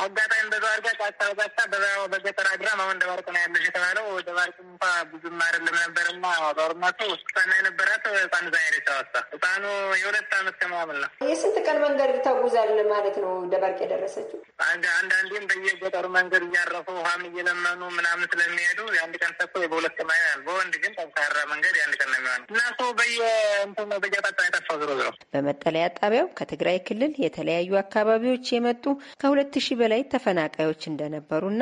አጋጣሚ በዛ አድርጋ ጫታ በጫታ በዛ በገጠር አድራ አሁን ደባርቅ ነው ያለሽ የተባለው ደባርቅ እንኳ ብዙም አይደለም ነበርና ጦርነቱ ህጻና የነበራት ህፃን ዛ ሄደች አወጣ ህጻኑ የሁለት አመት ከማምል ነው። የስንት ቀን መንገድ ተጉዛል ማለት ነው ደባርቅ የደረሰችው? አንዳንዴም በየገጠሩ መንገድ እያረፉ ውሃም እየለመኑ ምናምን ስለሚሄዱ የአንድ ቀን ተኩል በሁለት ቀን በወንድ ግን ጠንካራ መንገድ የአንድ ቀን ነው የሚሆነው እና እሱ በየ በየጣጣ በመጠለያ ጣቢያው ከትግራይ ክልል የተለያዩ አካባቢዎች የመጡ ከሁለት ሺህ በላይ ተፈናቃዮች እንደነበሩና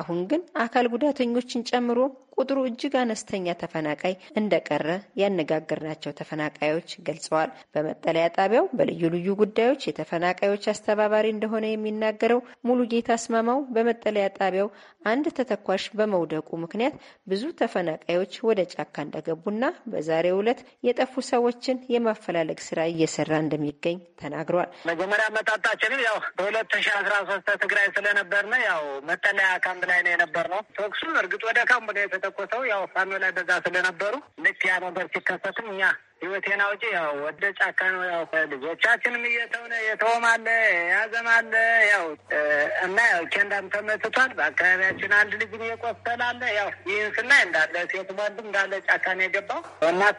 አሁን ግን አካል ጉዳተኞችን ጨምሮ ቁጥሩ እጅግ አነስተኛ ተፈናቃይ እንደቀረ ያነጋገርናቸው ተፈናቃዮች ገልጸዋል። በመጠለያ ጣቢያው በልዩ ልዩ ጉዳዮች የተፈናቃዮች አስተባባሪ እንደሆነ የሚናገረው ሙሉ ጌታ አስማማው በመጠለያ ጣቢያው አንድ ተተኳሽ በመውደቁ ምክንያት ብዙ ተፈናቃዮች ወደ ጫካ እንደገቡና በዛሬው ዕለት የጠፉ ሰዎችን የማፈላለግ ስራ እየሰራ እንደሚገኝ ተናግሯል። መጀመሪያ መጣጣችንም ያው በሁለት ሺ አስራ ሶስት ትግራይ ስለነበርን ያው መጠለያ ካምፕ ላይ ነው የነበርነው። ተኩሱ እርግጥ ወደ ካምፕ ነው የተኮሰው ያው ፋኖ ላይ በዛ ስለነበሩ ልክ ያ ነገር ሲከሰትም እኛ ህይወቴን አውጪ ያው ወደ ጫካ ነው ያው ልጆቻችንም እየተውነ የተውም አለ የያዘም አለ ያው እና ያው ኬንዳም ተመትቷል። በአካባቢያችን አንድ ልጅን እየቆሰለ አለ። ያው ይህን ስናይ እንዳለ ሴት ወንድ እንዳለ ጫካ ነው የገባው።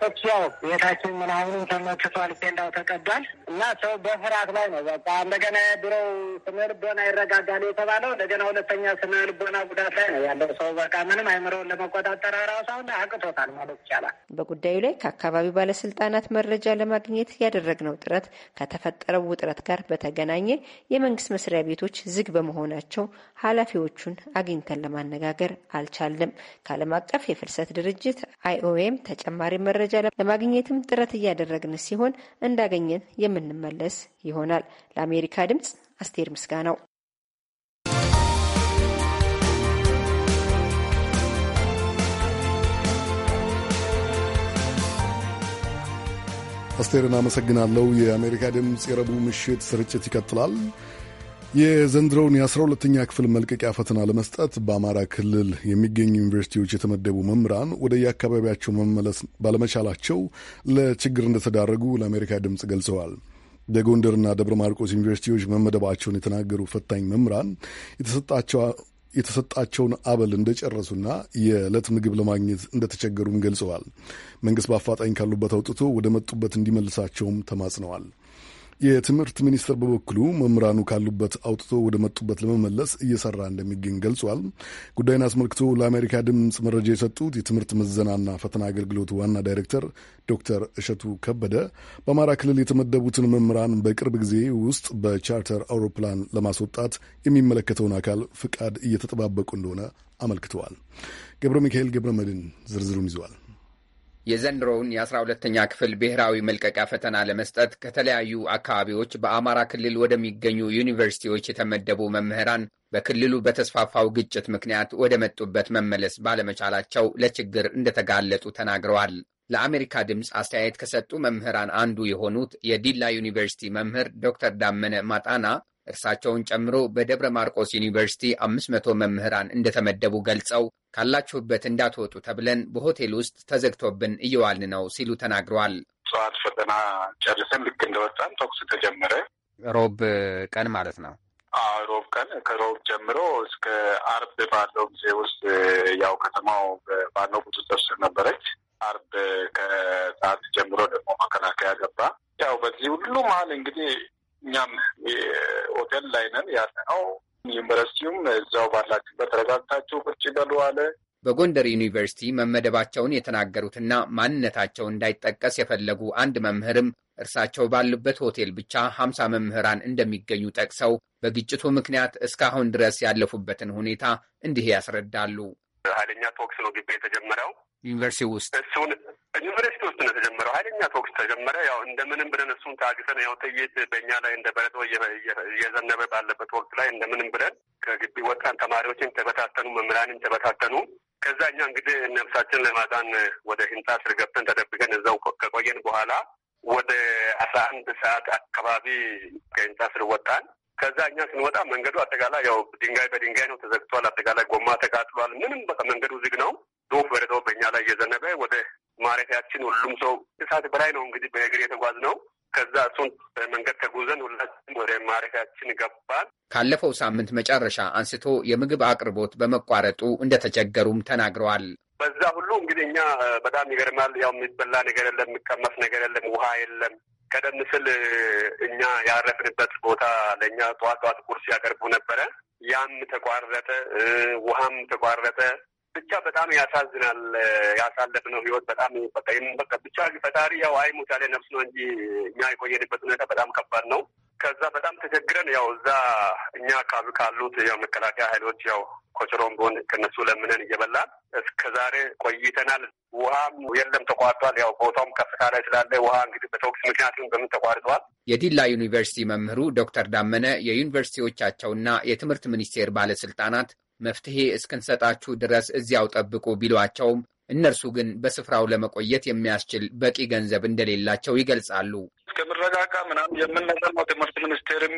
ሰች ያው ቤታችን ምናምንም ተመትቷል፣ ኬንዳው ተቀዷል። እና ሰው በፍርሃት ላይ ነው። በቃ እንደገና ድሮው ስነ ልቦና ይረጋጋል የተባለው እንደገና ሁለተኛ ስነ ልቦና ጉዳት ላይ ነው ያለው ሰው በቃ ምንም አይምረውን ለመቆጣጠር ራሱ አሁን አቅቶታል ማለት ይቻላል። በጉዳዩ ላይ ከአካባቢው ባለስልጣ ባለስልጣናት መረጃ ለማግኘት ያደረግነው ጥረት ከተፈጠረው ውጥረት ጋር በተገናኘ የመንግስት መስሪያ ቤቶች ዝግ በመሆናቸው ኃላፊዎቹን አግኝተን ለማነጋገር አልቻለም። ከዓለም አቀፍ የፍልሰት ድርጅት አይኦኤም ተጨማሪ መረጃ ለማግኘትም ጥረት እያደረግን ሲሆን እንዳገኘን የምንመለስ ይሆናል። ለአሜሪካ ድምጽ አስቴር ምስጋናው አስቴርን አመሰግናለሁ። የአሜሪካ ድምፅ የረቡዕ ምሽት ስርጭት ይቀጥላል። የዘንድሮውን የአስራ ሁለተኛ ክፍል መልቀቂያ ፈተና ለመስጠት በአማራ ክልል የሚገኙ ዩኒቨርሲቲዎች የተመደቡ መምህራን ወደ የአካባቢያቸው መመለስ ባለመቻላቸው ለችግር እንደተዳረጉ ለአሜሪካ ድምፅ ገልጸዋል። በጎንደርና ደብረ ማርቆስ ዩኒቨርሲቲዎች መመደባቸውን የተናገሩ ፈታኝ መምህራን የተሰጣቸውን አበል እንደጨረሱና የዕለት ምግብ ለማግኘት እንደተቸገሩም ገልጸዋል። መንግስት በአፋጣኝ ካሉበት አውጥቶ ወደ መጡበት እንዲመልሳቸውም ተማጽነዋል። የትምህርት ሚኒስቴር በበኩሉ መምህራኑ ካሉበት አውጥቶ ወደ መጡበት ለመመለስ እየሰራ እንደሚገኝ ገልጿል። ጉዳዩን አስመልክቶ ለአሜሪካ ድምፅ መረጃ የሰጡት የትምህርት ምዘናና ፈተና አገልግሎት ዋና ዳይሬክተር ዶክተር እሸቱ ከበደ በአማራ ክልል የተመደቡትን መምህራን በቅርብ ጊዜ ውስጥ በቻርተር አውሮፕላን ለማስወጣት የሚመለከተውን አካል ፍቃድ እየተጠባበቁ እንደሆነ አመልክተዋል። ገብረ ሚካኤል ገብረ መድን ዝርዝሩን ይዘዋል። የዘንድሮውን የ የ12ተኛ ክፍል ብሔራዊ መልቀቂያ ፈተና ለመስጠት ከተለያዩ አካባቢዎች በአማራ ክልል ወደሚገኙ ዩኒቨርሲቲዎች የተመደቡ መምህራን በክልሉ በተስፋፋው ግጭት ምክንያት ወደ መጡበት መመለስ ባለመቻላቸው ለችግር እንደተጋለጡ ተናግረዋል። ለአሜሪካ ድምፅ አስተያየት ከሰጡ መምህራን አንዱ የሆኑት የዲላ ዩኒቨርሲቲ መምህር ዶክተር ዳመነ ማጣና እርሳቸውን ጨምሮ በደብረ ማርቆስ ዩኒቨርሲቲ 500 መምህራን እንደተመደቡ ገልጸው ካላችሁበት እንዳትወጡ ተብለን በሆቴል ውስጥ ተዘግቶብን እየዋልን ነው ሲሉ ተናግረዋል። ጠዋት ፈተና ጨርሰን ልክ እንደወጣን ተኩስ ተጀመረ። ሮብ ቀን ማለት ነው። ሮብ ቀን ከሮብ ጀምሮ እስከ አርብ ባለው ጊዜ ውስጥ ያው ከተማው ባለው ቁጥጥር ስር ነበረች። አርብ ከሰዓት ጀምሮ ደግሞ መከላከያ ገባ። ያው በዚህ ሁሉ መሀል እንግዲህ እኛም ሆቴል ላይ ነን ያለ ነው። ዩኒቨርሲቲውም እዛው ባላችሁበት ተረጋግታችሁ ቁጭ በሉ አለ። በጎንደር ዩኒቨርሲቲ መመደባቸውን የተናገሩትና ማንነታቸው እንዳይጠቀስ የፈለጉ አንድ መምህርም እርሳቸው ባሉበት ሆቴል ብቻ ሀምሳ መምህራን እንደሚገኙ ጠቅሰው በግጭቱ ምክንያት እስካሁን ድረስ ያለፉበትን ሁኔታ እንዲህ ያስረዳሉ። ኃይለኛ ቶክስ ነው ግቢ የተጀመረው። ዩኒቨርሲቲ ውስጥ እሱን ዩኒቨርሲቲ ውስጥ ነው የተጀመረው። ኃይለኛ ቶክስ ተጀመረ። ያው እንደምንም ብለን እሱን ታግተን ያው ጥይት በእኛ ላይ እንደ በረዶ እየዘነበ ባለበት ወቅት ላይ እንደምንም ብለን ከግቢ ወጣን። ተማሪዎችን ተበታተኑ፣ መምህራንን ተበታተኑ። ከዛ እኛ እንግዲህ ነፍሳችን ለማዳን ወደ ህንጻ ስር ገብተን ተደብቀን እዛው ከቆየን በኋላ ወደ አስራ አንድ ሰዓት አካባቢ ከህንጻ ስር ወጣን። ከዛ እኛ ስንወጣ መንገዱ አጠቃላይ ያው ድንጋይ በድንጋይ ነው ተዘግቷል። አጠቃላይ ጎማ ተቃጥሏል። ምንም በቃ መንገዱ ዝግ ነው። ዶፍ በረዶ በእኛ ላይ እየዘነበ ወደ ማረፊያችን ሁሉም ሰው እሳት በላይ ነው እንግዲህ በእግር የተጓዝ ነው። ከዛ እሱን መንገድ ተጉዘን ሁላችን ወደ ማረፊያችን ገባል። ካለፈው ሳምንት መጨረሻ አንስቶ የምግብ አቅርቦት በመቋረጡ እንደተቸገሩም ተናግረዋል። በዛ ሁሉ እንግዲህ እኛ በጣም ይገርማል። ያው የሚበላ ነገር የለም፣ የሚቀመስ ነገር የለም፣ ውሃ የለም። ቀደም ስል እኛ ያረፍንበት ቦታ ለእኛ ጠዋት ጠዋት ቁርስ ያቀርቡ ነበረ። ያም ተቋረጠ፣ ውሃም ተቋረጠ። ብቻ በጣም ያሳዝናል። ያሳለፍነው ህይወት በጣም በቃ በቃ ብቻ ፈጣሪ ያው አይሙት ያለ ነፍስ ነው እንጂ እኛ የቆየንበት ሁኔታ በጣም ከባድ ነው። ከዛ በጣም ተቸግረን ያው እዛ እኛ አካባቢ ካሉት ያው መከላከያ ኃይሎች ያው ቦን ከነሱ ለምነን እየበላን እስከ ዛሬ ቆይተናል። ውሃም የለም ተቋርጧል። ያው ቦታውም ከፍታ ላይ ስላለ ውሃ እንግዲህ በተወቅስ ምክንያቱም በምን ተቋርጧል። የዲላ ዩኒቨርሲቲ መምህሩ ዶክተር ዳመነ የዩኒቨርሲቲዎቻቸውና የትምህርት ሚኒስቴር ባለስልጣናት መፍትሄ እስክንሰጣችሁ ድረስ እዚያው ጠብቁ ቢሏቸውም እነርሱ ግን በስፍራው ለመቆየት የሚያስችል በቂ ገንዘብ እንደሌላቸው ይገልጻሉ። እስከምረጋጋ ምናምን የምንነሰማው ትምህርት ሚኒስቴርም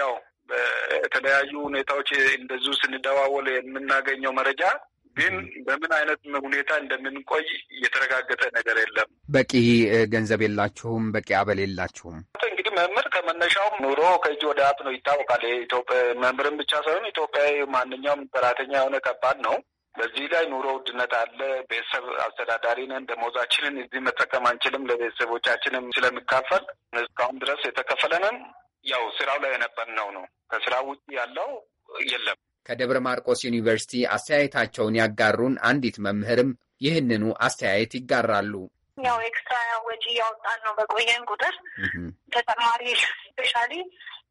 ያው በተለያዩ ሁኔታዎች እንደዚሁ ስንደዋወል የምናገኘው መረጃ ግን በምን አይነት ሁኔታ እንደምንቆይ የተረጋገጠ ነገር የለም። በቂ ገንዘብ የላችሁም፣ በቂ አበል የላችሁም። እንግዲህ መምህር ከመነሻውም ኑሮ ከእጅ ወደ አፍ ነው ይታወቃል። ኢትዮጵያ መምህርን ብቻ ሳይሆን ኢትዮጵያዊ ማንኛውም ሰራተኛ የሆነ ከባድ ነው። በዚህ ላይ ኑሮ ውድነት አለ። ቤተሰብ አስተዳዳሪ ነን። ደሞዛችንን እዚህ መጠቀም አንችልም። ለቤተሰቦቻችንም ስለሚካፈል እስካሁን ድረስ የተከፈለንን ያው ስራው ላይ የነበርነው ነው። ከስራ ውጭ ያለው የለም። ከደብረ ማርቆስ ዩኒቨርሲቲ አስተያየታቸውን ያጋሩን አንዲት መምህርም ይህንኑ አስተያየት ይጋራሉ። ያው ኤክስትራ ወጪ እያወጣን ነው በቆየን ቁጥር ተጨማሪ ስፔሻሊ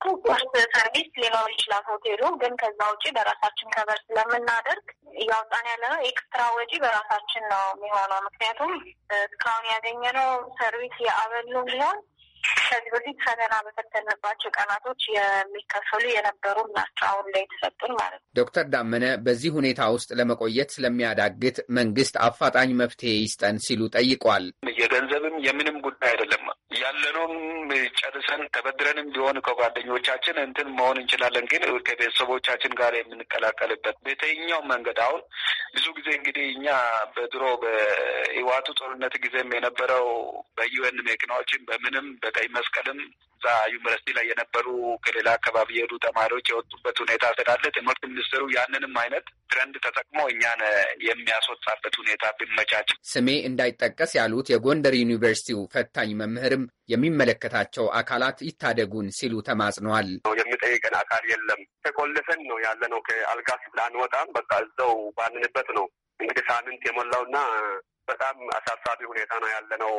ኮስት ሰርቪስ ሊኖር ይችላል ሆቴሉ። ግን ከዛ ውጪ በራሳችን ከበር ስለምናደርግ እያወጣን ያለ ነው ኤክስትራ ወጪ በራሳችን ነው የሚሆነው። ምክንያቱም እስካሁን ያገኘነው ሰርቪስ የአበሉ ቢሆን ከዚህ በፊት ፈተና በፈተነባቸው ቀናቶች የሚከፈሉ የነበሩም ናቸው አሁን ላይ የተሰጡን ማለት ነው። ዶክተር ዳመነ በዚህ ሁኔታ ውስጥ ለመቆየት ስለሚያዳግት መንግስት አፋጣኝ መፍትሄ ይስጠን ሲሉ ጠይቋል። የገንዘብም የምንም ጉዳይ አይደለም። ያለነውም ጨርሰን ተበድረንም ቢሆን ከጓደኞቻችን እንትን መሆን እንችላለን። ግን ከቤተሰቦቻችን ጋር የምንቀላቀልበት በየትኛው መንገድ አሁን ብዙ ጊዜ እንግዲህ እኛ በድሮ በህዋቱ ጦርነት ጊዜም የነበረው በዩኤን መኪናዎችን በምንም በ ቀይ መስቀልም እዛ ዩኒቨርሲቲ ላይ የነበሩ ከሌላ አካባቢ የሄዱ ተማሪዎች የወጡበት ሁኔታ ስላለ ትምህርት ሚኒስትሩ ያንንም አይነት ትረንድ ተጠቅሞ እኛን የሚያስወጣበት ሁኔታ ቢመቻች። ስሜ እንዳይጠቀስ ያሉት የጎንደር ዩኒቨርሲቲው ፈታኝ መምህርም የሚመለከታቸው አካላት ይታደጉን ሲሉ ተማጽነዋል። የሚጠይቀን አካል የለም። ተቆልፈን ነው ያለ ነው። ከአልጋ ስፍራ አንወጣም። በቃ እዛው ባንንበት ነው እንግዲህ ሳምንት የሞላውና በጣም አሳሳቢ ሁኔታ ነው ያለ ነው።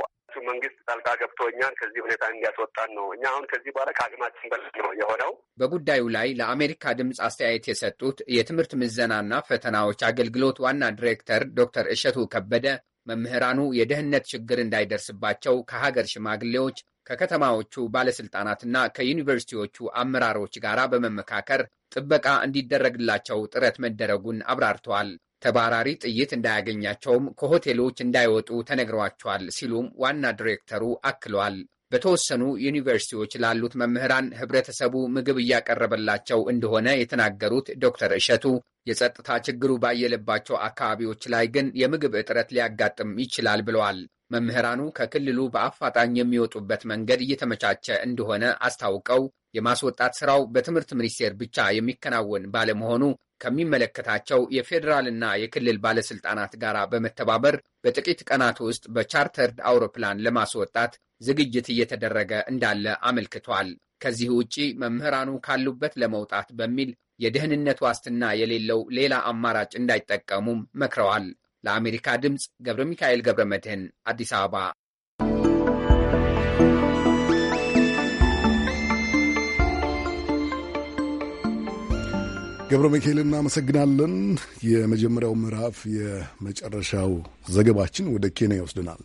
መንግስት ጣልቃ ገብቶ እኛን ከዚህ ሁኔታ እንዲያስወጣን ነው። እኛ አሁን ከዚህ በኋላ ከአቅማችን በላይ ነው የሆነው። በጉዳዩ ላይ ለአሜሪካ ድምፅ አስተያየት የሰጡት የትምህርት ምዘናና ፈተናዎች አገልግሎት ዋና ዲሬክተር ዶክተር እሸቱ ከበደ መምህራኑ የደህንነት ችግር እንዳይደርስባቸው ከሀገር ሽማግሌዎች፣ ከከተማዎቹ ባለስልጣናትና ከዩኒቨርሲቲዎቹ አመራሮች ጋር በመመካከር ጥበቃ እንዲደረግላቸው ጥረት መደረጉን አብራርተዋል። ተባራሪ ጥይት እንዳያገኛቸውም ከሆቴሎች እንዳይወጡ ተነግሯቸዋል ሲሉም ዋና ዲሬክተሩ አክሏል። በተወሰኑ ዩኒቨርሲቲዎች ላሉት መምህራን ህብረተሰቡ ምግብ እያቀረበላቸው እንደሆነ የተናገሩት ዶክተር እሸቱ የጸጥታ ችግሩ ባየለባቸው አካባቢዎች ላይ ግን የምግብ እጥረት ሊያጋጥም ይችላል ብለዋል። መምህራኑ ከክልሉ በአፋጣኝ የሚወጡበት መንገድ እየተመቻቸ እንደሆነ አስታውቀው የማስወጣት ስራው በትምህርት ሚኒስቴር ብቻ የሚከናወን ባለመሆኑ ከሚመለከታቸው የፌዴራልና የክልል ባለስልጣናት ጋር በመተባበር በጥቂት ቀናት ውስጥ በቻርተርድ አውሮፕላን ለማስወጣት ዝግጅት እየተደረገ እንዳለ አመልክቷል። ከዚህ ውጪ መምህራኑ ካሉበት ለመውጣት በሚል የደህንነት ዋስትና የሌለው ሌላ አማራጭ እንዳይጠቀሙም መክረዋል። ለአሜሪካ ድምፅ ገብረ ሚካኤል ገብረ መድህን አዲስ አበባ ገብረ ሚካኤል እናመሰግናለን። የመጀመሪያው ምዕራፍ የመጨረሻው ዘገባችን ወደ ኬንያ ይወስድናል።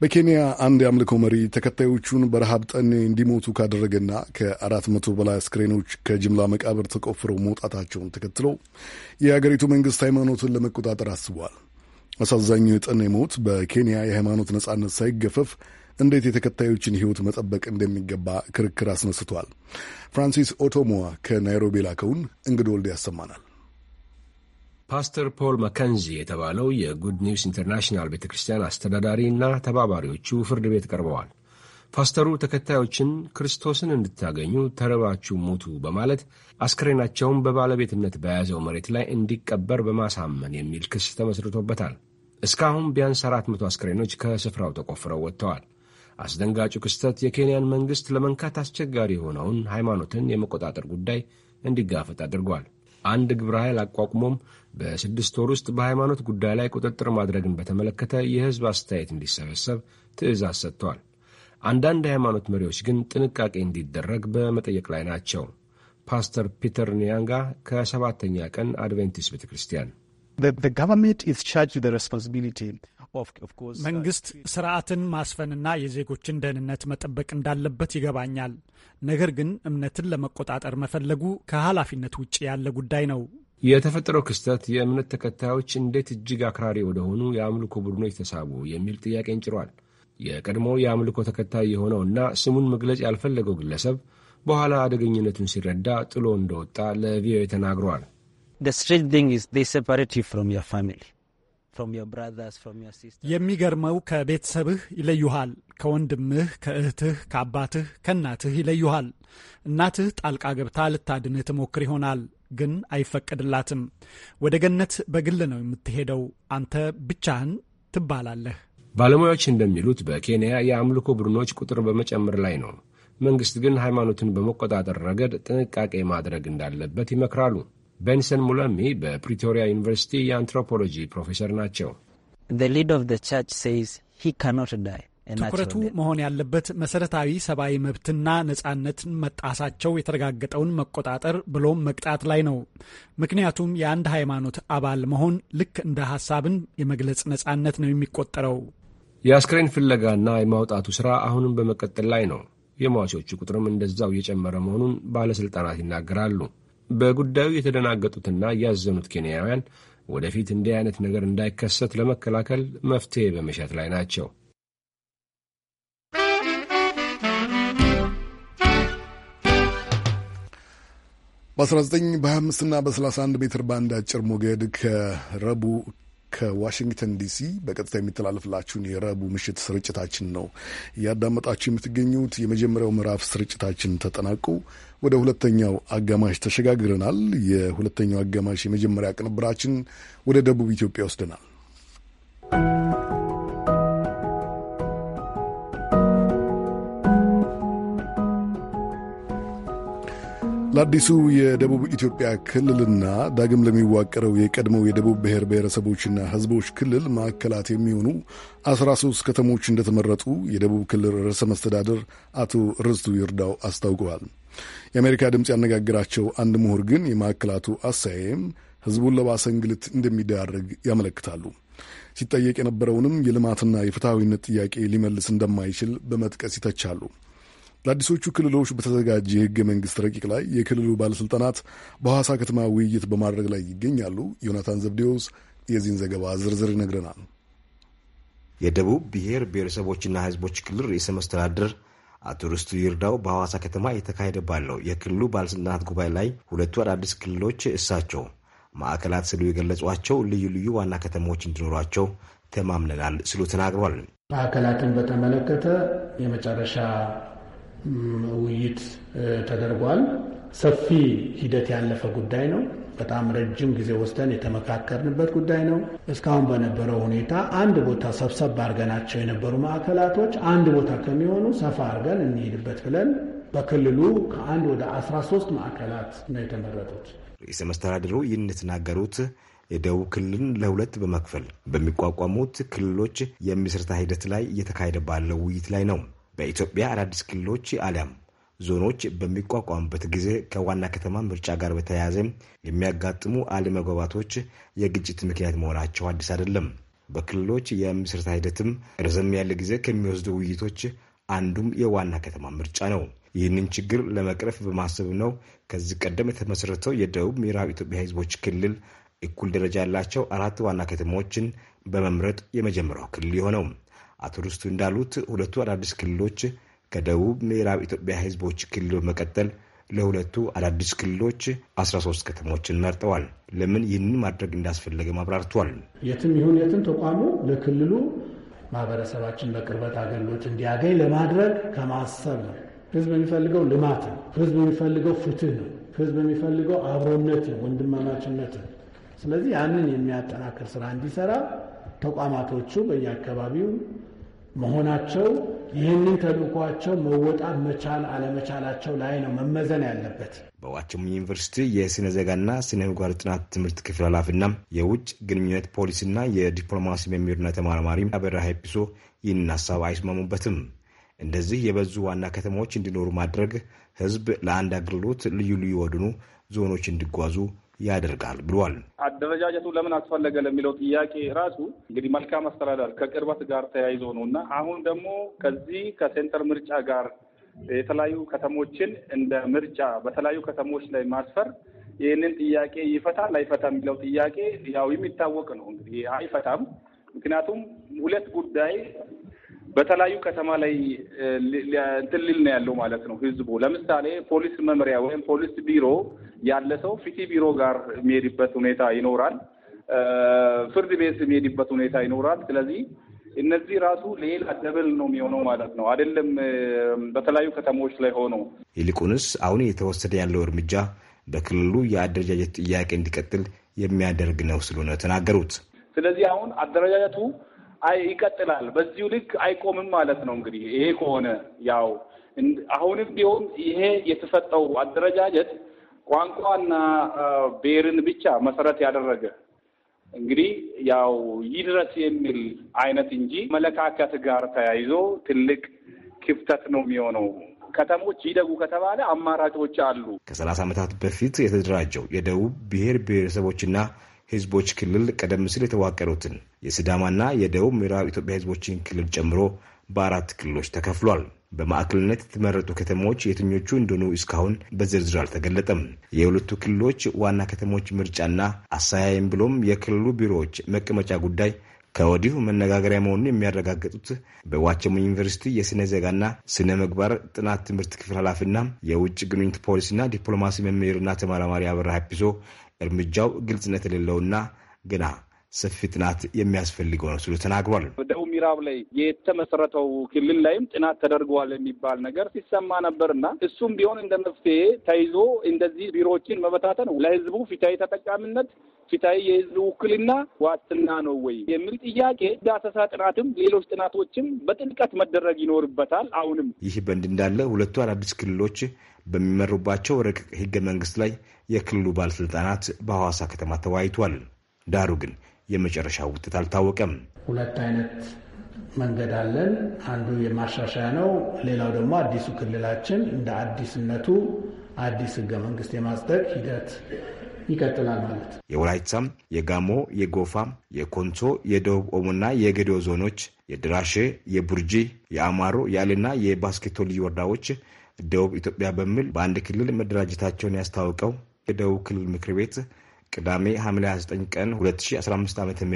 በኬንያ አንድ የአምልኮ መሪ ተከታዮቹን በረሃብ ጠኔ እንዲሞቱ ካደረገና ከአራት መቶ በላይ አስክሬኖች ከጅምላ መቃብር ተቆፍረው መውጣታቸውን ተከትሎ የአገሪቱ መንግስት ሃይማኖትን ለመቆጣጠር አስቧል። አሳዛኙ የጠኔ ሞት በኬንያ የሃይማኖት ነጻነት ሳይገፈፍ እንዴት የተከታዮችን ህይወት መጠበቅ እንደሚገባ ክርክር አስነስቷል። ፍራንሲስ ኦቶሞዋ ከናይሮቢ ላከውን እንግዶ ወልድ ያሰማናል። ፓስተር ፖል መከንዚ የተባለው የጉድ ኒውስ ኢንተርናሽናል ቤተ ክርስቲያን አስተዳዳሪ እና ተባባሪዎቹ ፍርድ ቤት ቀርበዋል። ፓስተሩ ተከታዮችን ክርስቶስን እንድታገኙ ተርባችሁ ሙቱ በማለት አስክሬናቸውን በባለቤትነት በያዘው መሬት ላይ እንዲቀበር በማሳመን የሚል ክስ ተመስርቶበታል። እስካሁን ቢያንስ አራት መቶ አስክሬኖች ከስፍራው ተቆፍረው ወጥተዋል። አስደንጋጩ ክስተት የኬንያን መንግሥት ለመንካት አስቸጋሪ የሆነውን ሃይማኖትን የመቆጣጠር ጉዳይ እንዲጋፈጥ አድርጓል። አንድ ግብረ ኃይል አቋቁሞም በስድስት ወር ውስጥ በሃይማኖት ጉዳይ ላይ ቁጥጥር ማድረግን በተመለከተ የሕዝብ አስተያየት እንዲሰበሰብ ትዕዛዝ ሰጥቷል። አንዳንድ የሃይማኖት መሪዎች ግን ጥንቃቄ እንዲደረግ በመጠየቅ ላይ ናቸው። ፓስተር ፒተር ኒያንጋ ከሰባተኛ ቀን አድቬንቲስት ቤተ ክርስቲያን Uh, መንግስት ስርዓትን ማስፈንና የዜጎችን ደህንነት መጠበቅ እንዳለበት ይገባኛል። ነገር ግን እምነትን ለመቆጣጠር መፈለጉ ከኃላፊነት ውጭ ያለ ጉዳይ ነው። የተፈጠረው ክስተት የእምነት ተከታዮች እንዴት እጅግ አክራሪ ወደሆኑ የአምልኮ ቡድኖች ተሳቡ የሚል ጥያቄን ጭሯል። የቀድሞ የአምልኮ ተከታይ የሆነውና ስሙን መግለጽ ያልፈለገው ግለሰብ በኋላ አደገኝነቱን ሲረዳ ጥሎ እንደወጣ ለቪኦኤ ተናግሯል። የሚገርመው ከቤተሰብህ ይለዩሃል፣ ከወንድምህ፣ ከእህትህ፣ ከአባትህ፣ ከእናትህ ይለዩሃል። እናትህ ጣልቃ ገብታ ልታድንህ ትሞክር ይሆናል ግን አይፈቀድላትም። ወደ ገነት በግል ነው የምትሄደው። አንተ ብቻህን ትባላለህ። ባለሙያዎች እንደሚሉት በኬንያ የአምልኮ ቡድኖች ቁጥር በመጨመር ላይ ነው። መንግሥት ግን ሃይማኖትን በመቆጣጠር ረገድ ጥንቃቄ ማድረግ እንዳለበት ይመክራሉ። ቤንሰን ሙለሚ በፕሪቶሪያ ዩኒቨርሲቲ የአንትሮፖሎጂ ፕሮፌሰር ናቸው። ትኩረቱ መሆን ያለበት መሰረታዊ ሰብአዊ መብትና ነጻነትን መጣሳቸው የተረጋገጠውን መቆጣጠር ብሎም መቅጣት ላይ ነው። ምክንያቱም የአንድ ሃይማኖት አባል መሆን ልክ እንደ ሀሳብን የመግለጽ ነጻነት ነው የሚቆጠረው። የአስክሬን ፍለጋና የማውጣቱ ሥራ አሁንም በመቀጠል ላይ ነው። የሟቾቹ ቁጥርም እንደዛው እየጨመረ መሆኑን ባለሥልጣናት ይናገራሉ። በጉዳዩ የተደናገጡትና ያዘኑት ኬንያውያን ወደፊት እንዲህ አይነት ነገር እንዳይከሰት ለመከላከል መፍትሄ በመሻት ላይ ናቸው። በ19 በ25 እና በ31 ሜትር ባንድ አጭር ሞገድ ከረቡዕ ከዋሽንግተን ዲሲ በቀጥታ የሚተላለፍላችሁን የረቡዕ ምሽት ስርጭታችን ነው እያዳመጣችሁ የምትገኙት። የመጀመሪያው ምዕራፍ ስርጭታችን ተጠናቆ ወደ ሁለተኛው አጋማሽ ተሸጋግረናል። የሁለተኛው አጋማሽ የመጀመሪያ ቅንብራችን ወደ ደቡብ ኢትዮጵያ ወስደናል። ለአዲሱ የደቡብ ኢትዮጵያ ክልልና ዳግም ለሚዋቀረው የቀድሞው የደቡብ ብሔር ብሔረሰቦችና ሕዝቦች ክልል ማዕከላት የሚሆኑ 13 ከተሞች እንደተመረጡ የደቡብ ክልል ርዕሰ መስተዳደር አቶ ርስቱ ይርዳው አስታውቀዋል። የአሜሪካ ድምፅ ያነጋግራቸው አንድ ምሁር ግን የማዕከላቱ አሰያየም ሕዝቡን ለባሰ እንግልት እንደሚዳርግ ያመለክታሉ። ሲጠየቅ የነበረውንም የልማትና የፍትሐዊነት ጥያቄ ሊመልስ እንደማይችል በመጥቀስ ይተቻሉ። ለአዲሶቹ ክልሎች በተዘጋጀ የህገ መንግስት ረቂቅ ላይ የክልሉ ባለስልጣናት በሐዋሳ ከተማ ውይይት በማድረግ ላይ ይገኛሉ። ዮናታን ዘብዴዎስ የዚህን ዘገባ ዝርዝር ይነግረናል። የደቡብ ብሔር ብሔረሰቦችና ህዝቦች ክልል ርዕሰ መስተዳድር አቶ ርስቱ ይርዳው በሐዋሳ ከተማ የተካሄደ ባለው የክልሉ ባለሥልጣናት ጉባኤ ላይ ሁለቱ አዳዲስ ክልሎች እሳቸው ማዕከላት ስሉ የገለጿቸው ልዩ ልዩ ዋና ከተሞች እንዲኖሯቸው ተማምነናል ስሉ ተናግሯል። ማዕከላትን በተመለከተ የመጨረሻ ውይይት ተደርጓል። ሰፊ ሂደት ያለፈ ጉዳይ ነው። በጣም ረጅም ጊዜ ወስደን የተመካከርንበት ጉዳይ ነው። እስካሁን በነበረው ሁኔታ አንድ ቦታ ሰብሰብ አድርገናቸው የነበሩ ማዕከላቶች አንድ ቦታ ከሚሆኑ ሰፋ አድርገን እንሄድበት ብለን በክልሉ ከአንድ ወደ 13 ማዕከላት ነው የተመረጡት። ርዕሰ መስተዳድሩ ይህን የተናገሩት የደቡብ ክልልን ለሁለት በመክፈል በሚቋቋሙት ክልሎች የምስረታ ሂደት ላይ እየተካሄደ ባለው ውይይት ላይ ነው። በኢትዮጵያ አዳዲስ ክልሎች አሊያም ዞኖች በሚቋቋሙበት ጊዜ ከዋና ከተማ ምርጫ ጋር በተያያዘ የሚያጋጥሙ አለመግባባቶች የግጭት ምክንያት መሆናቸው አዲስ አይደለም። በክልሎች የምስረታ ሂደትም ረዘም ያለ ጊዜ ከሚወስዱ ውይይቶች አንዱም የዋና ከተማ ምርጫ ነው። ይህንን ችግር ለመቅረፍ በማሰብ ነው ከዚህ ቀደም የተመሰረተው የደቡብ ምዕራብ ኢትዮጵያ ሕዝቦች ክልል እኩል ደረጃ ያላቸው አራት ዋና ከተማዎችን በመምረጥ የመጀመሪያው ክልል የሆነው። አቶ ርስቱ እንዳሉት ሁለቱ አዳዲስ ክልሎች ከደቡብ ምዕራብ ኢትዮጵያ ህዝቦች ክልል በመቀጠል ለሁለቱ አዳዲስ ክልሎች 13 ከተሞችን መርጠዋል። ለምን ይህንን ማድረግ እንዳስፈለገ ማብራርቷል የትም ይሁን የትም ተቋሙ ለክልሉ ማህበረሰባችን በቅርበት አገልግሎት እንዲያገኝ ለማድረግ ከማሰብ ነው። ህዝብ የሚፈልገው ልማት ነው። ህዝብ የሚፈልገው ፍትህ ነው። ህዝብ የሚፈልገው አብሮነት ነው፣ ወንድማማችነት ነው። ስለዚህ ያንን የሚያጠናክር ስራ እንዲሰራ ተቋማቶቹ በየአካባቢው መሆናቸው ይህንን ተልዕኳቸው መወጣት መቻል አለመቻላቸው ላይ ነው መመዘን ያለበት። በዋቸሞ ዩኒቨርሲቲ የስነ ዜጋና ስነ ምግባር ጥናት ትምህርት ክፍል ኃላፊና የውጭ ግንኙነት ፖሊሲና የዲፕሎማሲ መምህርና ተመራማሪ አበራ ሀይፒሶ ይህንን ሀሳብ አይስማሙበትም። እንደዚህ የበዙ ዋና ከተማዎች እንዲኖሩ ማድረግ ህዝብ ለአንድ አገልግሎት ልዩ ልዩ ወድኑ ዞኖች እንዲጓዙ ያደርጋል ብሏል። አደረጃጀቱ ለምን አስፈለገ ለሚለው ጥያቄ ራሱ እንግዲህ መልካም አስተዳደር ከቅርበት ጋር ተያይዞ ነው እና አሁን ደግሞ ከዚህ ከሴንተር ምርጫ ጋር የተለያዩ ከተሞችን እንደ ምርጫ በተለያዩ ከተሞች ላይ ማስፈር ይህንን ጥያቄ ይፈታ ላይፈታ የሚለው ጥያቄ ያው የሚታወቅ ነው። እንግዲህ አይፈታም። ምክንያቱም ሁለት ጉዳይ በተለያዩ ከተማ ላይ እንትን ሊል ነው ያለው ማለት ነው ህዝቡ። ለምሳሌ ፖሊስ መምሪያ ወይም ፖሊስ ቢሮ ያለ ሰው ፊቲ ቢሮ ጋር የሚሄድበት ሁኔታ ይኖራል። ፍርድ ቤት የሚሄድበት ሁኔታ ይኖራል። ስለዚህ እነዚህ ራሱ ሌላ ደብል ነው የሚሆነው ማለት ነው። አይደለም በተለያዩ ከተሞች ላይ ሆኖ ይልቁንስ አሁን እየተወሰደ ያለው እርምጃ በክልሉ የአደረጃጀት ጥያቄ እንዲቀጥል የሚያደርግ ነው ስሉ ነው የተናገሩት። ስለዚህ አሁን አደረጃጀቱ ይቀጥላል፣ በዚሁ ልክ አይቆምም ማለት ነው። እንግዲህ ይሄ ከሆነ ያው አሁንም ቢሆን ይሄ የተሰጠው አደረጃጀት ቋንቋና ብሔርን ብቻ መሰረት ያደረገ እንግዲህ ያው ይድረስ የሚል አይነት እንጂ መለካከት ጋር ተያይዞ ትልቅ ክፍተት ነው የሚሆነው። ከተሞች ይደጉ ከተባለ አማራጮች አሉ። ከሰላሳ ዓመታት በፊት የተደራጀው የደቡብ ብሔር ብሔረሰቦችና ህዝቦች ክልል ቀደም ሲል የተዋቀሩትን የሲዳማና የደቡብ ምዕራብ ኢትዮጵያ ህዝቦችን ክልል ጨምሮ በአራት ክልሎች ተከፍሏል። በማዕከልነት የተመረጡ ከተሞች የትኞቹ እንደሆኑ እስካሁን በዝርዝር አልተገለጠም። የሁለቱ ክልሎች ዋና ከተሞች ምርጫና አሳያይም ብሎም የክልሉ ቢሮዎች መቀመጫ ጉዳይ ከወዲሁ መነጋገሪያ መሆኑን የሚያረጋግጡት በዋቸሞ ዩኒቨርሲቲ የሥነ ዜጋና ሥነ ምግባር ጥናት ትምህርት ክፍል ኃላፊና የውጭ ግንኙነት ፖሊሲና ዲፕሎማሲ መምህርና ተመራማሪ አበራ ሀፒሶ እርምጃው ግልጽነት የሌለውና ግና ሰፊ ጥናት የሚያስፈልገው ነው ሲሉ ተናግሯል። ደቡብ ምዕራብ ላይ የተመሰረተው ክልል ላይም ጥናት ተደርገዋል የሚባል ነገር ሲሰማ ነበርና እሱም ቢሆን እንደ መፍትሄ ተይዞ እንደዚህ ቢሮዎችን መበታተን ለህዝቡ ፍትሃዊ ተጠቃሚነት ፍትሃዊ የህዝብ ውክልና ዋስትና ነው ወይ የሚል ጥያቄ ዳሰሳ ጥናትም ሌሎች ጥናቶችም በጥልቀት መደረግ ይኖርበታል። አሁንም ይህ በእንዲህ እንዳለ ሁለቱ አዳዲስ ክልሎች በሚመሩባቸው ረቂቅ ህገ መንግስት ላይ የክልሉ ባለስልጣናት በሐዋሳ ከተማ ተወያይቷል። ዳሩ ግን የመጨረሻ ውጤት አልታወቀም። ሁለት አይነት መንገድ አለን። አንዱ የማሻሻያ ነው። ሌላው ደግሞ አዲሱ ክልላችን እንደ አዲስነቱ አዲስ ህገ መንግስት የማጽደቅ ሂደት ይቀጥላል ማለት ነው። የወላይታም፣ የጋሞ፣ የጎፋ፣ የኮንሶ፣ የደቡብ ኦሞና የገዲዮ ዞኖች፣ የድራሼ፣ የቡርጂ፣ የአማሮ፣ የአሌና የባስኬቶ ልዩ ወረዳዎች ደቡብ ኢትዮጵያ በሚል በአንድ ክልል መደራጀታቸውን ያስታወቀው የደቡብ ክልል ምክር ቤት ቅዳሜ ሐምሌ 29 ቀን 2015 ዓ ም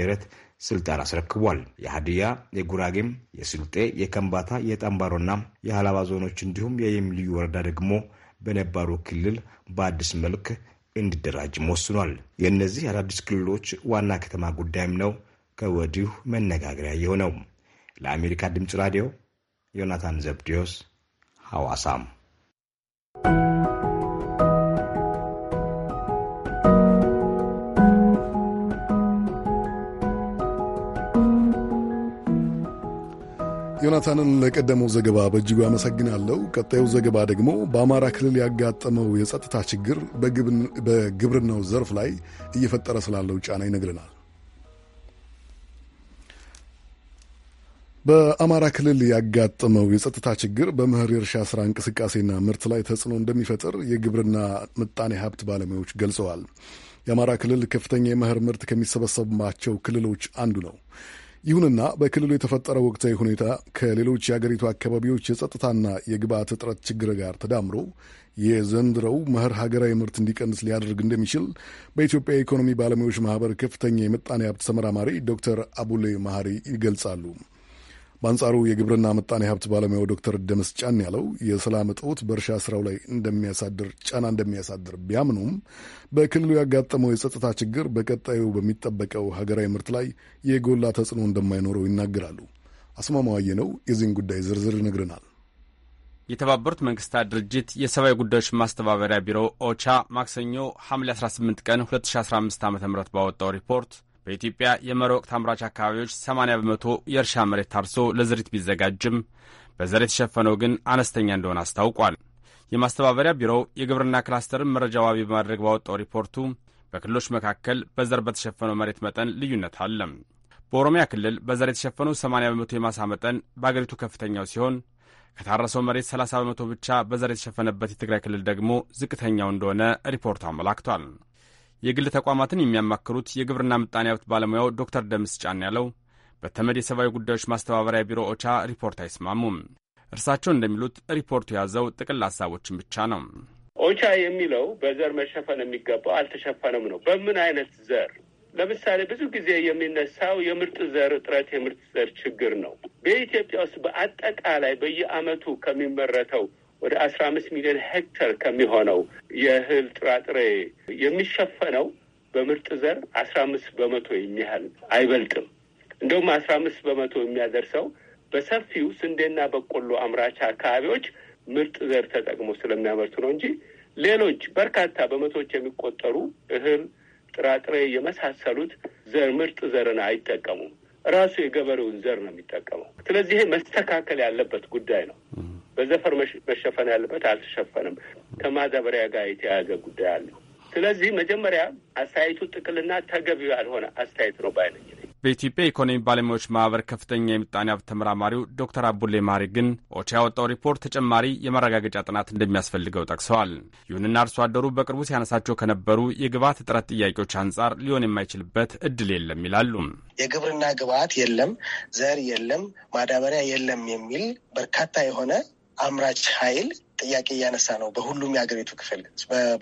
ስልጣን አስረክቧል። የሀዲያ፣ የጉራጌም፣ የስልጤ፣ የከምባታ፣ የጠንባሮና የሀላባ ዞኖች እንዲሁም የየም ልዩ ወረዳ ደግሞ በነባሩ ክልል በአዲስ መልክ እንዲደራጅም ወስኗል። የእነዚህ አዳዲስ ክልሎች ዋና ከተማ ጉዳይም ነው ከወዲሁ መነጋገሪያ የሆነው። ለአሜሪካ ድምፅ ራዲዮ ዮናታን ዘብዲዮስ ሐዋሳም ዮናታንን ለቀደመው ዘገባ በእጅጉ አመሰግናለሁ። ቀጣዩ ዘገባ ደግሞ በአማራ ክልል ያጋጠመው የጸጥታ ችግር በግብርናው ዘርፍ ላይ እየፈጠረ ስላለው ጫና ይነግረናል። በአማራ ክልል ያጋጠመው የጸጥታ ችግር በመኸር የእርሻ ስራ እንቅስቃሴና ምርት ላይ ተጽዕኖ እንደሚፈጥር የግብርና ምጣኔ ሀብት ባለሙያዎች ገልጸዋል። የአማራ ክልል ከፍተኛ የመኸር ምርት ከሚሰበሰብባቸው ክልሎች አንዱ ነው። ይሁንና በክልሉ የተፈጠረው ወቅታዊ ሁኔታ ከሌሎች የአገሪቱ አካባቢዎች የጸጥታና የግብዓት እጥረት ችግር ጋር ተዳምሮ የዘንድሮው መኸር ሀገራዊ ምርት እንዲቀንስ ሊያደርግ እንደሚችል በኢትዮጵያ የኢኮኖሚ ባለሙያዎች ማህበር ከፍተኛ የምጣኔ ሀብት ተመራማሪ ዶክተር አቡሌ መሐሪ ይገልጻሉ። በአንጻሩ የግብርና ምጣኔ ሀብት ባለሙያው ዶክተር ደምስ ጫን ያለው የሰላም እጦት በእርሻ ስራው ላይ እንደሚያሳድር ጫና እንደሚያሳድር ቢያምኑም በክልሉ ያጋጠመው የጸጥታ ችግር በቀጣዩ በሚጠበቀው ሀገራዊ ምርት ላይ የጎላ ተጽዕኖ እንደማይኖረው ይናገራሉ። አስማማዋየ ነው የዚህን ጉዳይ ዝርዝር ይነግርናል። የተባበሩት መንግስታት ድርጅት የሰብአዊ ጉዳዮች ማስተባበሪያ ቢሮ ኦቻ ማክሰኞ ሐምሌ 18 ቀን 2015 ዓ ም ባወጣው ሪፖርት በኢትዮጵያ የመኸር ወቅት አምራች አካባቢዎች 80 በመቶ የእርሻ መሬት ታርሶ ለዝሪት ቢዘጋጅም በዘር የተሸፈነው ግን አነስተኛ እንደሆነ አስታውቋል። የማስተባበሪያ ቢሮው የግብርና ክላስተርን መረጃ ዋቢ በማድረግ ባወጣው ሪፖርቱ በክልሎች መካከል በዘር በተሸፈነው መሬት መጠን ልዩነት አለ። በኦሮሚያ ክልል በዘር የተሸፈነው 80 በመቶ የማሳ መጠን በአገሪቱ ከፍተኛው ሲሆን ከታረሰው መሬት 30 በመቶ ብቻ በዘር የተሸፈነበት የትግራይ ክልል ደግሞ ዝቅተኛው እንደሆነ ሪፖርቱ አመላክቷል። የግል ተቋማትን የሚያማክሩት የግብርና ምጣኔ ሀብት ባለሙያው ዶክተር ደምስ ጫን ያለው በተመድ የሰብአዊ ጉዳዮች ማስተባበሪያ ቢሮ ኦቻ ሪፖርት አይስማሙም። እርሳቸው እንደሚሉት ሪፖርቱ የያዘው ጥቅል ሀሳቦችን ብቻ ነው። ኦቻ የሚለው በዘር መሸፈን የሚገባው አልተሸፈነም ነው። በምን አይነት ዘር? ለምሳሌ ብዙ ጊዜ የሚነሳው የምርጥ ዘር እጥረት የምርጥ ዘር ችግር ነው። በኢትዮጵያ ውስጥ በአጠቃላይ በየአመቱ ከሚመረተው ወደ አስራ አምስት ሚሊዮን ሄክተር ከሚሆነው የእህል ጥራጥሬ የሚሸፈነው በምርጥ ዘር አስራ አምስት በመቶ የሚያህል አይበልጥም። እንደውም አስራ አምስት በመቶ የሚያደርሰው በሰፊው ስንዴና በቆሎ አምራች አካባቢዎች ምርጥ ዘር ተጠቅሞ ስለሚያመርቱ ነው እንጂ ሌሎች በርካታ በመቶዎች የሚቆጠሩ እህል፣ ጥራጥሬ የመሳሰሉት ዘር ምርጥ ዘርን አይጠቀሙም። ራሱ የገበሬውን ዘር ነው የሚጠቀመው። ስለዚህ መስተካከል ያለበት ጉዳይ ነው። በዘፈር መሸፈን ያለበት አልተሸፈንም። ከማዳበሪያ ጋር የተያያዘ ጉዳይ አለ። ስለዚህ መጀመሪያ አስተያየቱ ጥቅልና ተገቢ ያልሆነ አስተያየት ነው ባይነኝ። በኢትዮጵያ ኢኮኖሚ ባለሙያዎች ማህበር ከፍተኛ የምጣኔ ሀብት ተመራማሪው ዶክተር አቡሌ ማሪ ግን ኦቻ ያወጣው ሪፖርት ተጨማሪ የማረጋገጫ ጥናት እንደሚያስፈልገው ጠቅሰዋል። ይሁንና አርሶ አደሩ በቅርቡ ሲያነሳቸው ከነበሩ የግብዓት እጥረት ጥያቄዎች አንጻር ሊሆን የማይችልበት እድል የለም ይላሉ። የግብርና ግብዓት የለም፣ ዘር የለም፣ ማዳበሪያ የለም የሚል በርካታ የሆነ አምራች ኃይል ጥያቄ እያነሳ ነው በሁሉም የሀገሪቱ ክፍል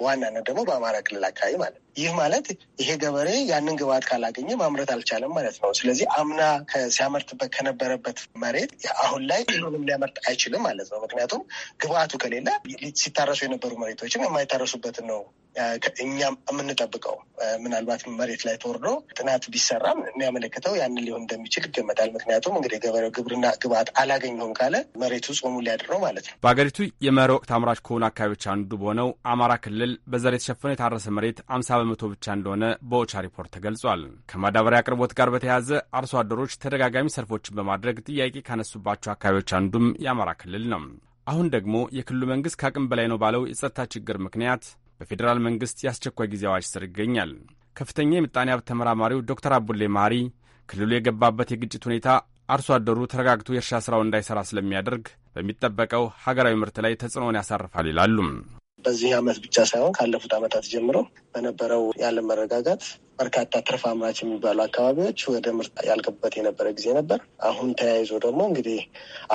በዋናነት ደግሞ በአማራ ክልል አካባቢ ማለት ነው። ይህ ማለት ይሄ ገበሬ ያንን ግብዓት ካላገኘ ማምረት አልቻለም ማለት ነው። ስለዚህ አምና ሲያመርትበት ከነበረበት መሬት አሁን ላይ ሁሉንም ሊያመርት አይችልም ማለት ነው። ምክንያቱም ግብዓቱ ከሌለ ሲታረሱ የነበሩ መሬቶችን የማይታረሱበትን ነው እኛ የምንጠብቀው ምናልባት መሬት ላይ ተወርዶ ጥናት ቢሰራም የሚያመለክተው ያንን ሊሆን እንደሚችል ይገመታል። ምክንያቱም እንግዲህ የገበሬው ግብርና ግብዓት አላገኘውም ካለ መሬቱ ጾሙ ሊያድረው ማለት ነው። በሀገሪቱ የመኸር ወቅት አምራች ከሆኑ አካባቢዎች አንዱ በሆነው አማራ ክልል በዘር የተሸፈነ የታረሰ መሬት አምሳ በመቶ ብቻ እንደሆነ በኦቻ ሪፖርት ተገልጿል። ከማዳበሪያ አቅርቦት ጋር በተያያዘ አርሶ አደሮች ተደጋጋሚ ሰልፎችን በማድረግ ጥያቄ ካነሱባቸው አካባቢዎች አንዱም የአማራ ክልል ነው። አሁን ደግሞ የክልሉ መንግስት ከአቅም በላይ ነው ባለው የጸጥታ ችግር ምክንያት በፌዴራል መንግሥት የአስቸኳይ ጊዜ አዋጅ ስር ይገኛል። ከፍተኛ የምጣኔ ሀብት ተመራማሪው ዶክተር አቡሌ ማሪ ክልሉ የገባበት የግጭት ሁኔታ አርሶ አደሩ ተረጋግቶ የእርሻ ስራው እንዳይሠራ ስለሚያደርግ በሚጠበቀው ሀገራዊ ምርት ላይ ተጽዕኖውን ያሳርፋል ይላሉም። በዚህ ዓመት ብቻ ሳይሆን ካለፉት ዓመታት ጀምሮ በነበረው ያለን መረጋጋት በርካታ ትርፍ አምራች የሚባሉ አካባቢዎች ወደ ምርት ያልገቡበት የነበረ ጊዜ ነበር። አሁን ተያይዞ ደግሞ እንግዲህ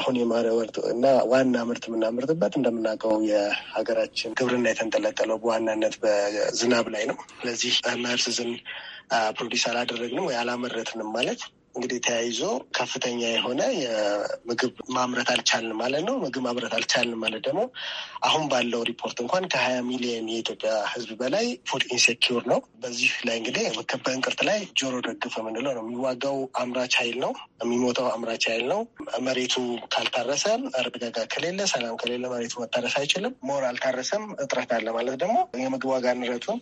አሁን የማረ ወርጥ እና ዋና ምርት የምናምርትበት እንደምናውቀው የሀገራችን ግብርና የተንጠለጠለው በዋናነት በዝናብ ላይ ነው። ስለዚህ መርስ ዝን ፕሮዲስ አላደረግንም ወይ አላመረትንም ማለት እንግዲህ ተያይዞ ከፍተኛ የሆነ የምግብ ማምረት አልቻልን ማለት ነው። ምግብ ማምረት አልቻልን ማለት ደግሞ አሁን ባለው ሪፖርት እንኳን ከሀያ ሚሊዮን የኢትዮጵያ ሕዝብ በላይ ፉድ ኢንሴኪር ነው። በዚህ ላይ እንግዲህ በእንቅርት ላይ ጆሮ ደግፍ የምንለው ነው። የሚዋጋው አምራች ኃይል ነው፣ የሚሞተው አምራች ኃይል ነው። መሬቱ ካልታረሰ እርጋጋ ከሌለ፣ ሰላም ከሌለ መሬቱ መታረስ አይችልም። ሞር አልታረሰም፣ እጥረት አለ ማለት ደግሞ የምግብ ዋጋ ንረቱን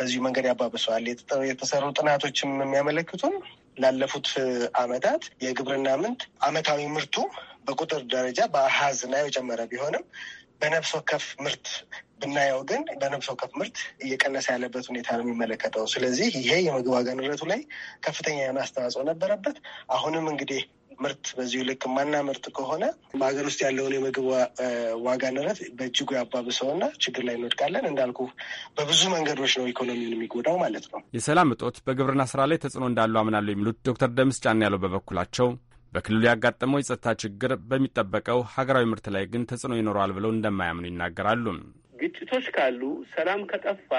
በዚሁ መንገድ ያባብሰዋል። የተሰሩ ጥናቶችም የሚያመለክቱን ላለፉት አመታት የግብርና ምንት አመታዊ ምርቱ በቁጥር ደረጃ በአሀዝ ስናየው የጨመረ ቢሆንም በነፍስ ወከፍ ምርት ብናየው ግን በነፍስ ወከፍ ምርት እየቀነሰ ያለበት ሁኔታ ነው የሚመለከተው። ስለዚህ ይሄ የምግብ ዋጋ ንረቱ ላይ ከፍተኛ የሆነ አስተዋጽኦ ነበረበት። አሁንም እንግዲህ ምርት በዚሁ ልክ ምርት ከሆነ በሀገር ውስጥ ያለውን የምግብ ዋጋ ንረት በእጅጉ ያባብሰውና ችግር ላይ እንወድቃለን። እንዳልኩ በብዙ መንገዶች ነው ኢኮኖሚውን የሚጎዳው ማለት ነው። የሰላም እጦት በግብርና ስራ ላይ ተጽዕኖ እንዳለው አምናለሁ የሚሉት ዶክተር ደምስ ጫን ያለው በበኩላቸው በክልሉ ያጋጠመው የጸጥታ ችግር በሚጠበቀው ሀገራዊ ምርት ላይ ግን ተጽዕኖ ይኖረዋል ብለው እንደማያምኑ ይናገራሉ። ግጭቶች ካሉ ሰላም ከጠፋ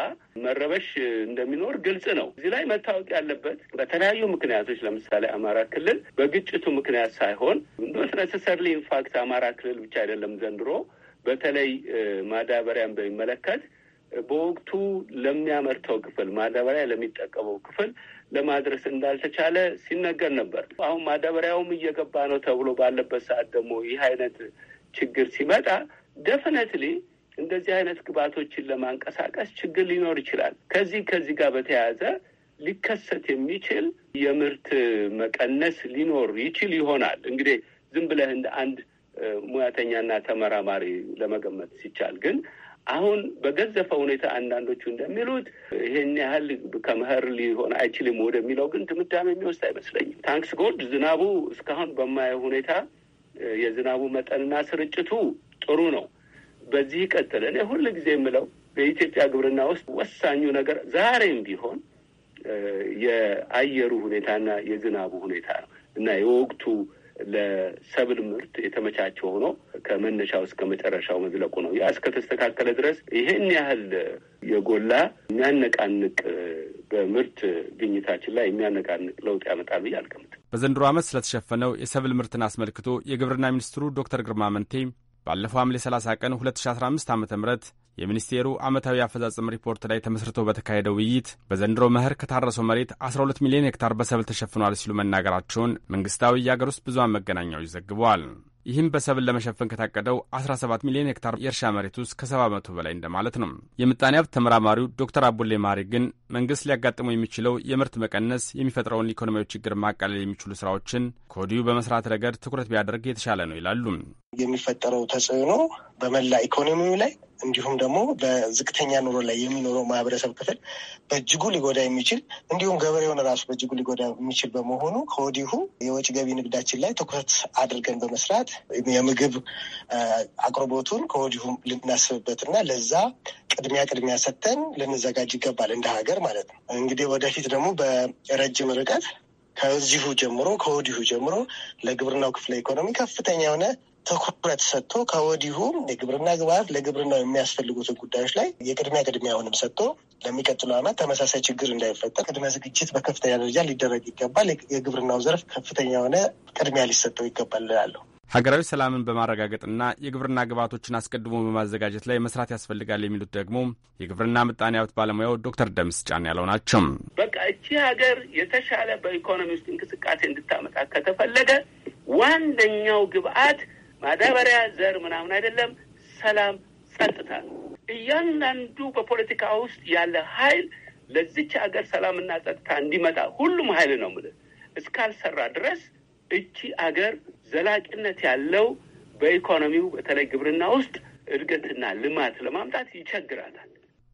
መረበሽ እንደሚኖር ግልጽ ነው። እዚህ ላይ መታወቅ ያለበት በተለያዩ ምክንያቶች ለምሳሌ አማራ ክልል በግጭቱ ምክንያት ሳይሆን ኖት ነሰሰርሊ ኢንፋክት አማራ ክልል ብቻ አይደለም ዘንድሮ በተለይ ማዳበሪያን በሚመለከት በወቅቱ ለሚያመርተው ክፍል ማዳበሪያ ለሚጠቀመው ክፍል ለማድረስ እንዳልተቻለ ሲነገር ነበር። አሁን ማዳበሪያውም እየገባ ነው ተብሎ ባለበት ሰዓት ደግሞ ይህ አይነት ችግር ሲመጣ ደፍነትሊ እንደዚህ አይነት ግብዓቶችን ለማንቀሳቀስ ችግር ሊኖር ይችላል። ከዚህ ከዚህ ጋር በተያያዘ ሊከሰት የሚችል የምርት መቀነስ ሊኖር ይችል ይሆናል። እንግዲህ ዝም ብለህ እንደ አንድ ሙያተኛና ተመራማሪ ለመገመት ሲቻል ግን አሁን በገዘፈ ሁኔታ አንዳንዶቹ እንደሚሉት ይህን ያህል ከመኸር ሊሆን አይችልም ወደሚለው ግን ድምዳሜ የሚወስድ አይመስለኝም። ታንክስ ጎድ ዝናቡ እስካሁን በማየው ሁኔታ የዝናቡ መጠንና ስርጭቱ ጥሩ ነው። በዚህ ይቀጥል። እኔ ሁል ጊዜ የምለው በኢትዮጵያ ግብርና ውስጥ ወሳኙ ነገር ዛሬም ቢሆን የአየሩ ሁኔታና የዝናቡ ሁኔታ ነው እና የወቅቱ ለሰብል ምርት የተመቻቸ ሆኖ ከመነሻው እስከ መጨረሻው መዝለቁ ነው። ያ እስከተስተካከለ ድረስ ይሄን ያህል የጎላ የሚያነቃንቅ በምርት ግኝታችን ላይ የሚያነቃንቅ ለውጥ ያመጣል ብዬ አልገምትም። በዘንድሮ ዓመት ስለተሸፈነው የሰብል ምርትን አስመልክቶ የግብርና ሚኒስትሩ ዶክተር ግርማ መንቴ ባለፈው ሐምሌ 30 ቀን 2015 ዓ ም የሚኒስቴሩ ዓመታዊ አፈጻጸም ሪፖርት ላይ ተመስርቶ በተካሄደው ውይይት በዘንድሮ መኸር ከታረሰው መሬት 12 ሚሊዮን ሄክታር በሰብል ተሸፍኗል ሲሉ መናገራቸውን መንግስታዊ የአገር ውስጥ ብዙሃን መገናኛዎች ዘግበዋል። ይህም በሰብል ለመሸፈን ከታቀደው 17 ሚሊዮን ሄክታር የእርሻ መሬት ውስጥ ከ70 በመቶ በላይ እንደማለት ነው። የምጣኔ ሀብት ተመራማሪው ዶክተር አቡሌ ማሪ ግን መንግስት ሊያጋጥመው የሚችለው የምርት መቀነስ የሚፈጥረውን ኢኮኖሚያዊ ችግር ማቃለል የሚችሉ ስራዎችን ከወዲሁ በመስራት ረገድ ትኩረት ቢያደርግ የተሻለ ነው ይላሉ። የሚፈጠረው ተጽዕኖ በመላ ኢኮኖሚው ላይ እንዲሁም ደግሞ በዝቅተኛ ኑሮ ላይ የሚኖረው ማህበረሰብ ክፍል በእጅጉ ሊጎዳ የሚችል እንዲሁም ገበሬውን ራሱ በእጅጉ ሊጎዳ የሚችል በመሆኑ ከወዲሁ የወጪ ገቢ ንግዳችን ላይ ትኩረት አድርገን በመስራት የምግብ አቅርቦቱን ከወዲሁ ልናስብበትና ለዛ ቅድሚያ ቅድሚያ ሰጥተን ልንዘጋጅ ይገባል እንደ ሀገር ማለት ነው። እንግዲህ ወደፊት ደግሞ በረጅም ርቀት ከዚሁ ጀምሮ ከወዲሁ ጀምሮ ለግብርናው ክፍለ ኢኮኖሚ ከፍተኛ የሆነ ትኩረት ሰጥቶ ከወዲሁ የግብርና ግብዓት ለግብርናው የሚያስፈልጉትን ጉዳዮች ላይ የቅድሚያ ቅድሚያ አሁንም ሰጥቶ ለሚቀጥለው ዓመት ተመሳሳይ ችግር እንዳይፈጠር ቅድመ ዝግጅት በከፍተኛ ደረጃ ሊደረግ ይገባል። የግብርናው ዘርፍ ከፍተኛ የሆነ ቅድሚያ ሊሰጠው ይገባል እላለሁ። ሀገራዊ ሰላምን በማረጋገጥና የግብርና ግብዓቶችን አስቀድሞ በማዘጋጀት ላይ መስራት ያስፈልጋል የሚሉት ደግሞ የግብርና ምጣኔ ሀብት ባለሙያው ዶክተር ደምስ ጫን ያለው ናቸው። በቃ እቺ ሀገር የተሻለ በኢኮኖሚ ውስጥ እንቅስቃሴ እንድታመጣ ከተፈለገ ዋነኛው ግብዓት ማዳበሪያ፣ ዘር ምናምን አይደለም። ሰላም፣ ጸጥታ እያንዳንዱ በፖለቲካ ውስጥ ያለ ኃይል ለዚች ሀገር ሰላምና ጸጥታ እንዲመጣ ሁሉም ኃይል ነው ምል እስካልሰራ ድረስ እቺ አገር ዘላቂነት ያለው በኢኮኖሚው በተለይ ግብርና ውስጥ እድገትና ልማት ለማምጣት ይቸግራታል።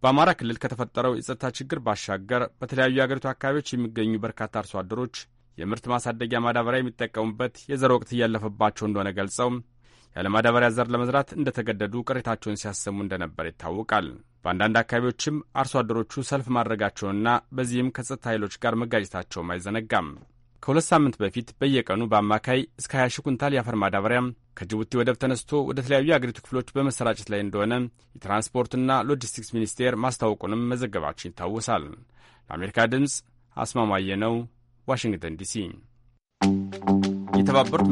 በአማራ ክልል ከተፈጠረው የጸጥታ ችግር ባሻገር በተለያዩ የአገሪቱ አካባቢዎች የሚገኙ በርካታ አርሶ አደሮች የምርት ማሳደጊያ ማዳበሪያ የሚጠቀሙበት የዘር ወቅት እያለፈባቸው እንደሆነ ገልጸው ያለማዳበሪያ ዘር ለመዝራት እንደተገደዱ ቅሬታቸውን ሲያሰሙ እንደነበር ይታወቃል። በአንዳንድ አካባቢዎችም አርሶ አደሮቹ ሰልፍ ማድረጋቸውንና በዚህም ከጸጥታ ኃይሎች ጋር መጋጨታቸውም አይዘነጋም። ከሁለት ሳምንት በፊት በየቀኑ በአማካይ እስከ 20 ሺ ኩንታል የአፈር ማዳበሪያ ከጅቡቲ ወደብ ተነስቶ ወደ ተለያዩ የአገሪቱ ክፍሎች በመሰራጨት ላይ እንደሆነ የትራንስፖርትና ሎጂስቲክስ ሚኒስቴር ማስታወቁንም መዘገባችን ይታወሳል። ለአሜሪካ ድምፅ አስማማየ ነው፣ ዋሽንግተን ዲሲ የተባበሩት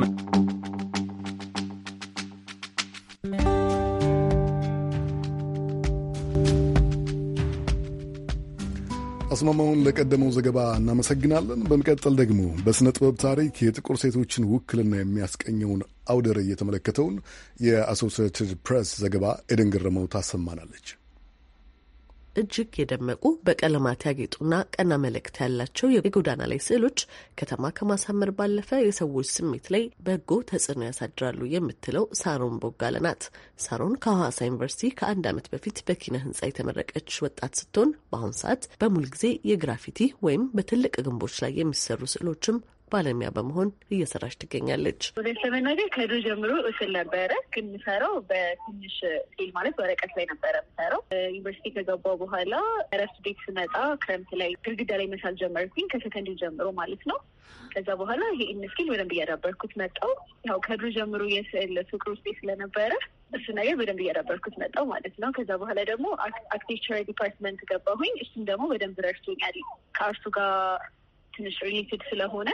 አስማማውን ለቀደመው ዘገባ እናመሰግናለን። በመቀጠል ደግሞ በሥነ ጥበብ ታሪክ የጥቁር ሴቶችን ውክልና የሚያስቀኘውን አውደር እየተመለከተውን የአሶሲትድ የአሶሲየትድ ፕሬስ ዘገባ ኤደን ገረመው ታሰማናለች። እጅግ የደመቁ በቀለማት ያጌጡና ቀና መልእክት ያላቸው የጎዳና ላይ ስዕሎች ከተማ ከማሳመር ባለፈ የሰዎች ስሜት ላይ በጎ ተጽዕኖ ያሳድራሉ የምትለው ሳሮን ቦጋለ ናት። ሳሮን ከሐዋሳ ዩኒቨርሲቲ ከአንድ ዓመት በፊት በኪነ ህንፃ የተመረቀች ወጣት ስትሆን በአሁኑ ሰዓት በሙሉ ጊዜ የግራፊቲ ወይም በትልቅ ግንቦች ላይ የሚሰሩ ስዕሎችም ባለሙያ በመሆን እየሰራች ትገኛለች። ወደ ለመናገር ከድሮ ጀምሮ እስል ነበረ፣ ግን የምሰራው በትንሽ ስኬል ማለት ወረቀት ላይ ነበረ የምሰራው። ዩኒቨርሲቲ ከገባሁ በኋላ እረፍት ቤት ስመጣ ክረምት ላይ ግድግዳ ላይ መሳል ጀመርኩኝ፣ ከሰከንድ ጀምሮ ማለት ነው። ከዛ በኋላ ይሄን ስኪል በደንብ እያዳበርኩት መጣው። ያው ከዱ ጀምሮ የስዕል ፍቅር ውስጤ ስለነበረ እሱ ነገር በደንብ እያዳበርኩት መጣው ማለት ነው። ከዛ በኋላ ደግሞ አርክቴክቸር ዲፓርትመንት ገባሁኝ። እሱም ደግሞ በደንብ ረድቶኛል ከአርቱ ጋር ትንሽ ሪሌትድ ስለሆነ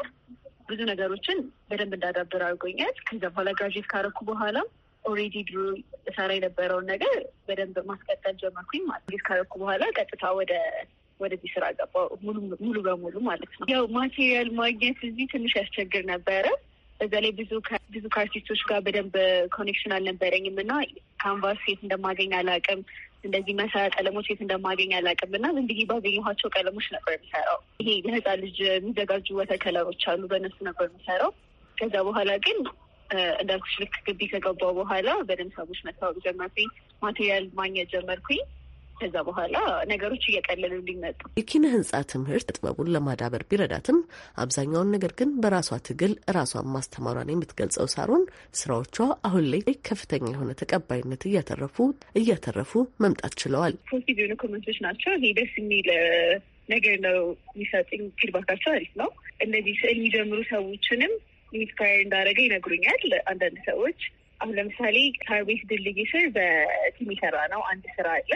ብዙ ነገሮችን በደንብ እንዳዳብር አድርጎኛል። ከዛ በኋላ ግራጅዌት ካረኩ በኋላ ኦሬዲ ድሮ እሰራ የነበረውን ነገር በደንብ ማስቀጠል ጀመርኩኝ ማለት ነው። ካረኩ በኋላ ቀጥታ ወደ ወደዚህ ስራ ገባሁ ሙሉ በሙሉ ማለት ነው። ያው ማቴሪያል ማግኘት እዚህ ትንሽ ያስቸግር ነበረ። በዛ ላይ ብዙ ብዙ ከአርቲስቶች ጋር በደንብ ኮኔክሽን አልነበረኝም እና ካንቫስ ሴት እንደማገኝ አላውቅም እንደዚህ መሰረ ቀለሞች የት እንደማገኝ አላውቅም እና ዝም ብዬ ባገኘኋቸው ቀለሞች ነበር የሚሰራው። ይሄ ለህፃን ልጅ የሚዘጋጁ ወተር ከለሮች አሉ፣ በእነሱ ነበር የሚሰራው። ከዛ በኋላ ግን እንዳልኩሽ ልክ ግቢ ከገባሁ በኋላ በደንብ ሰዎች መታወቅ ጀመርኩኝ፣ ማቴሪያል ማግኘት ጀመርኩኝ። ከዛ በኋላ ነገሮች እየቀለሉ እንዲመጡ የኪነ ህንጻ ትምህርት ጥበቡን ለማዳበር ቢረዳትም አብዛኛውን ነገር ግን በራሷ ትግል ራሷን ማስተማሯን የምትገልጸው ሳሮን ስራዎቿ አሁን ላይ ከፍተኛ የሆነ ተቀባይነት እያተረፉ እያተረፉ መምጣት ችለዋል። ፖዚቲቭ የሆኑ ኮመንቶች ናቸው። ይሄ ደስ የሚል ነገር ነው የሚሰጥኝ። ፊድባካቸው አሪፍ ነው። እነዚህ ስዕል የሚጀምሩ ሰዎችንም ኢንስፓየር እንዳደረገ ይነግሩኛል አንዳንድ ሰዎች አሁን ለምሳሌ ካርቤት ድልድይ ስር በቲም የሰራ ነው አንድ ስራ አለ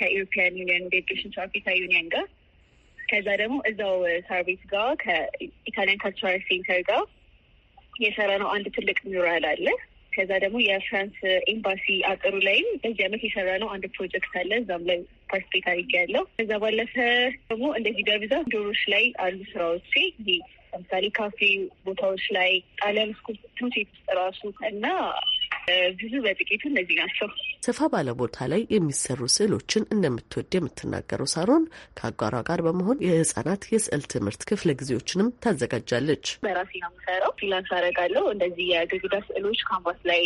ከኢሮፒያን ዩኒየን ወደ ኤዱኬሽን አፍሪካ ዩኒየን ጋር ከዛ ደግሞ እዛው ሳር ቤት ጋር ከኢታሊያን ካልቸራል ሴንተር ጋር የሰራ ነው አንድ ትልቅ ሚውራል አለ። ከዛ ደግሞ የፍራንስ ኤምባሲ አጥሩ ላይም በዚህ አመት የሰራ ነው አንድ ፕሮጀክት አለ። እዛም ላይ ፓርቲፔት አድርጌ ያለው። ከዛ ባለፈ ደግሞ እንደዚህ በብዛት ዶሮች ላይ አሉ ስራዎች ለምሳሌ ካፌ ቦታዎች ላይ ጣሊያን ስኩል ትምህርት ቤት ውስጥ ራሱ እና ብዙ በጥቂቱ እነዚህ ናቸው። ሰፋ ባለ ቦታ ላይ የሚሰሩ ስዕሎችን እንደምትወድ የምትናገረው ሳሮን ከአጓሯ ጋር በመሆን የህጻናት የስዕል ትምህርት ክፍለ ጊዜዎችንም ታዘጋጃለች። በራሴ ነው የምሰራው። ፍሪላንስ አደርጋለሁ። እንደዚህ የግድግዳ ስዕሎች ካንቫስ ላይ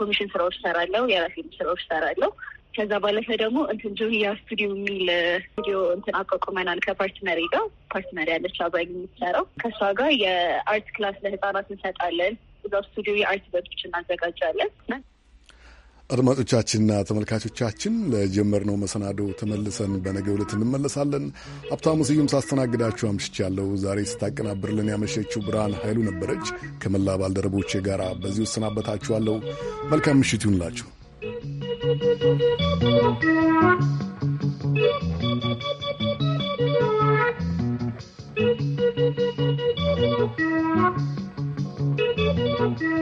ኮሚሽን ስራዎች ሰራለው። የራሴ ስራዎች ሰራለው። ከዛ ባለፈ ደግሞ እንትን ጆያ ስቱዲዮ የሚል ስቱዲዮ እንትን አቋቁመናል ከፓርትነሪ ጋር ፓርትነሪ ያለች አብራኝ የምትሰራው ከእሷ ጋር የአርት ክላስ ለህጻናት እንሰጣለን። ስቱዲዮ የአርት በቶች እናዘጋጃለን። አድማጮቻችንና ተመልካቾቻችን ለጀመርነው መሰናዶ ተመልሰን በነገ ዕለት እንመለሳለን። ሀብታሙ ስዩም ሳስተናግዳችሁ አምሽቻለሁ። ዛሬ ስታቀናብርልን ያመሸችው ብርሃን ኃይሉ ነበረች። ከመላ ባልደረቦቼ ጋር በዚህ እሰናበታችኋለሁ። መልካም ምሽት ይሁንላችሁ። Thank you.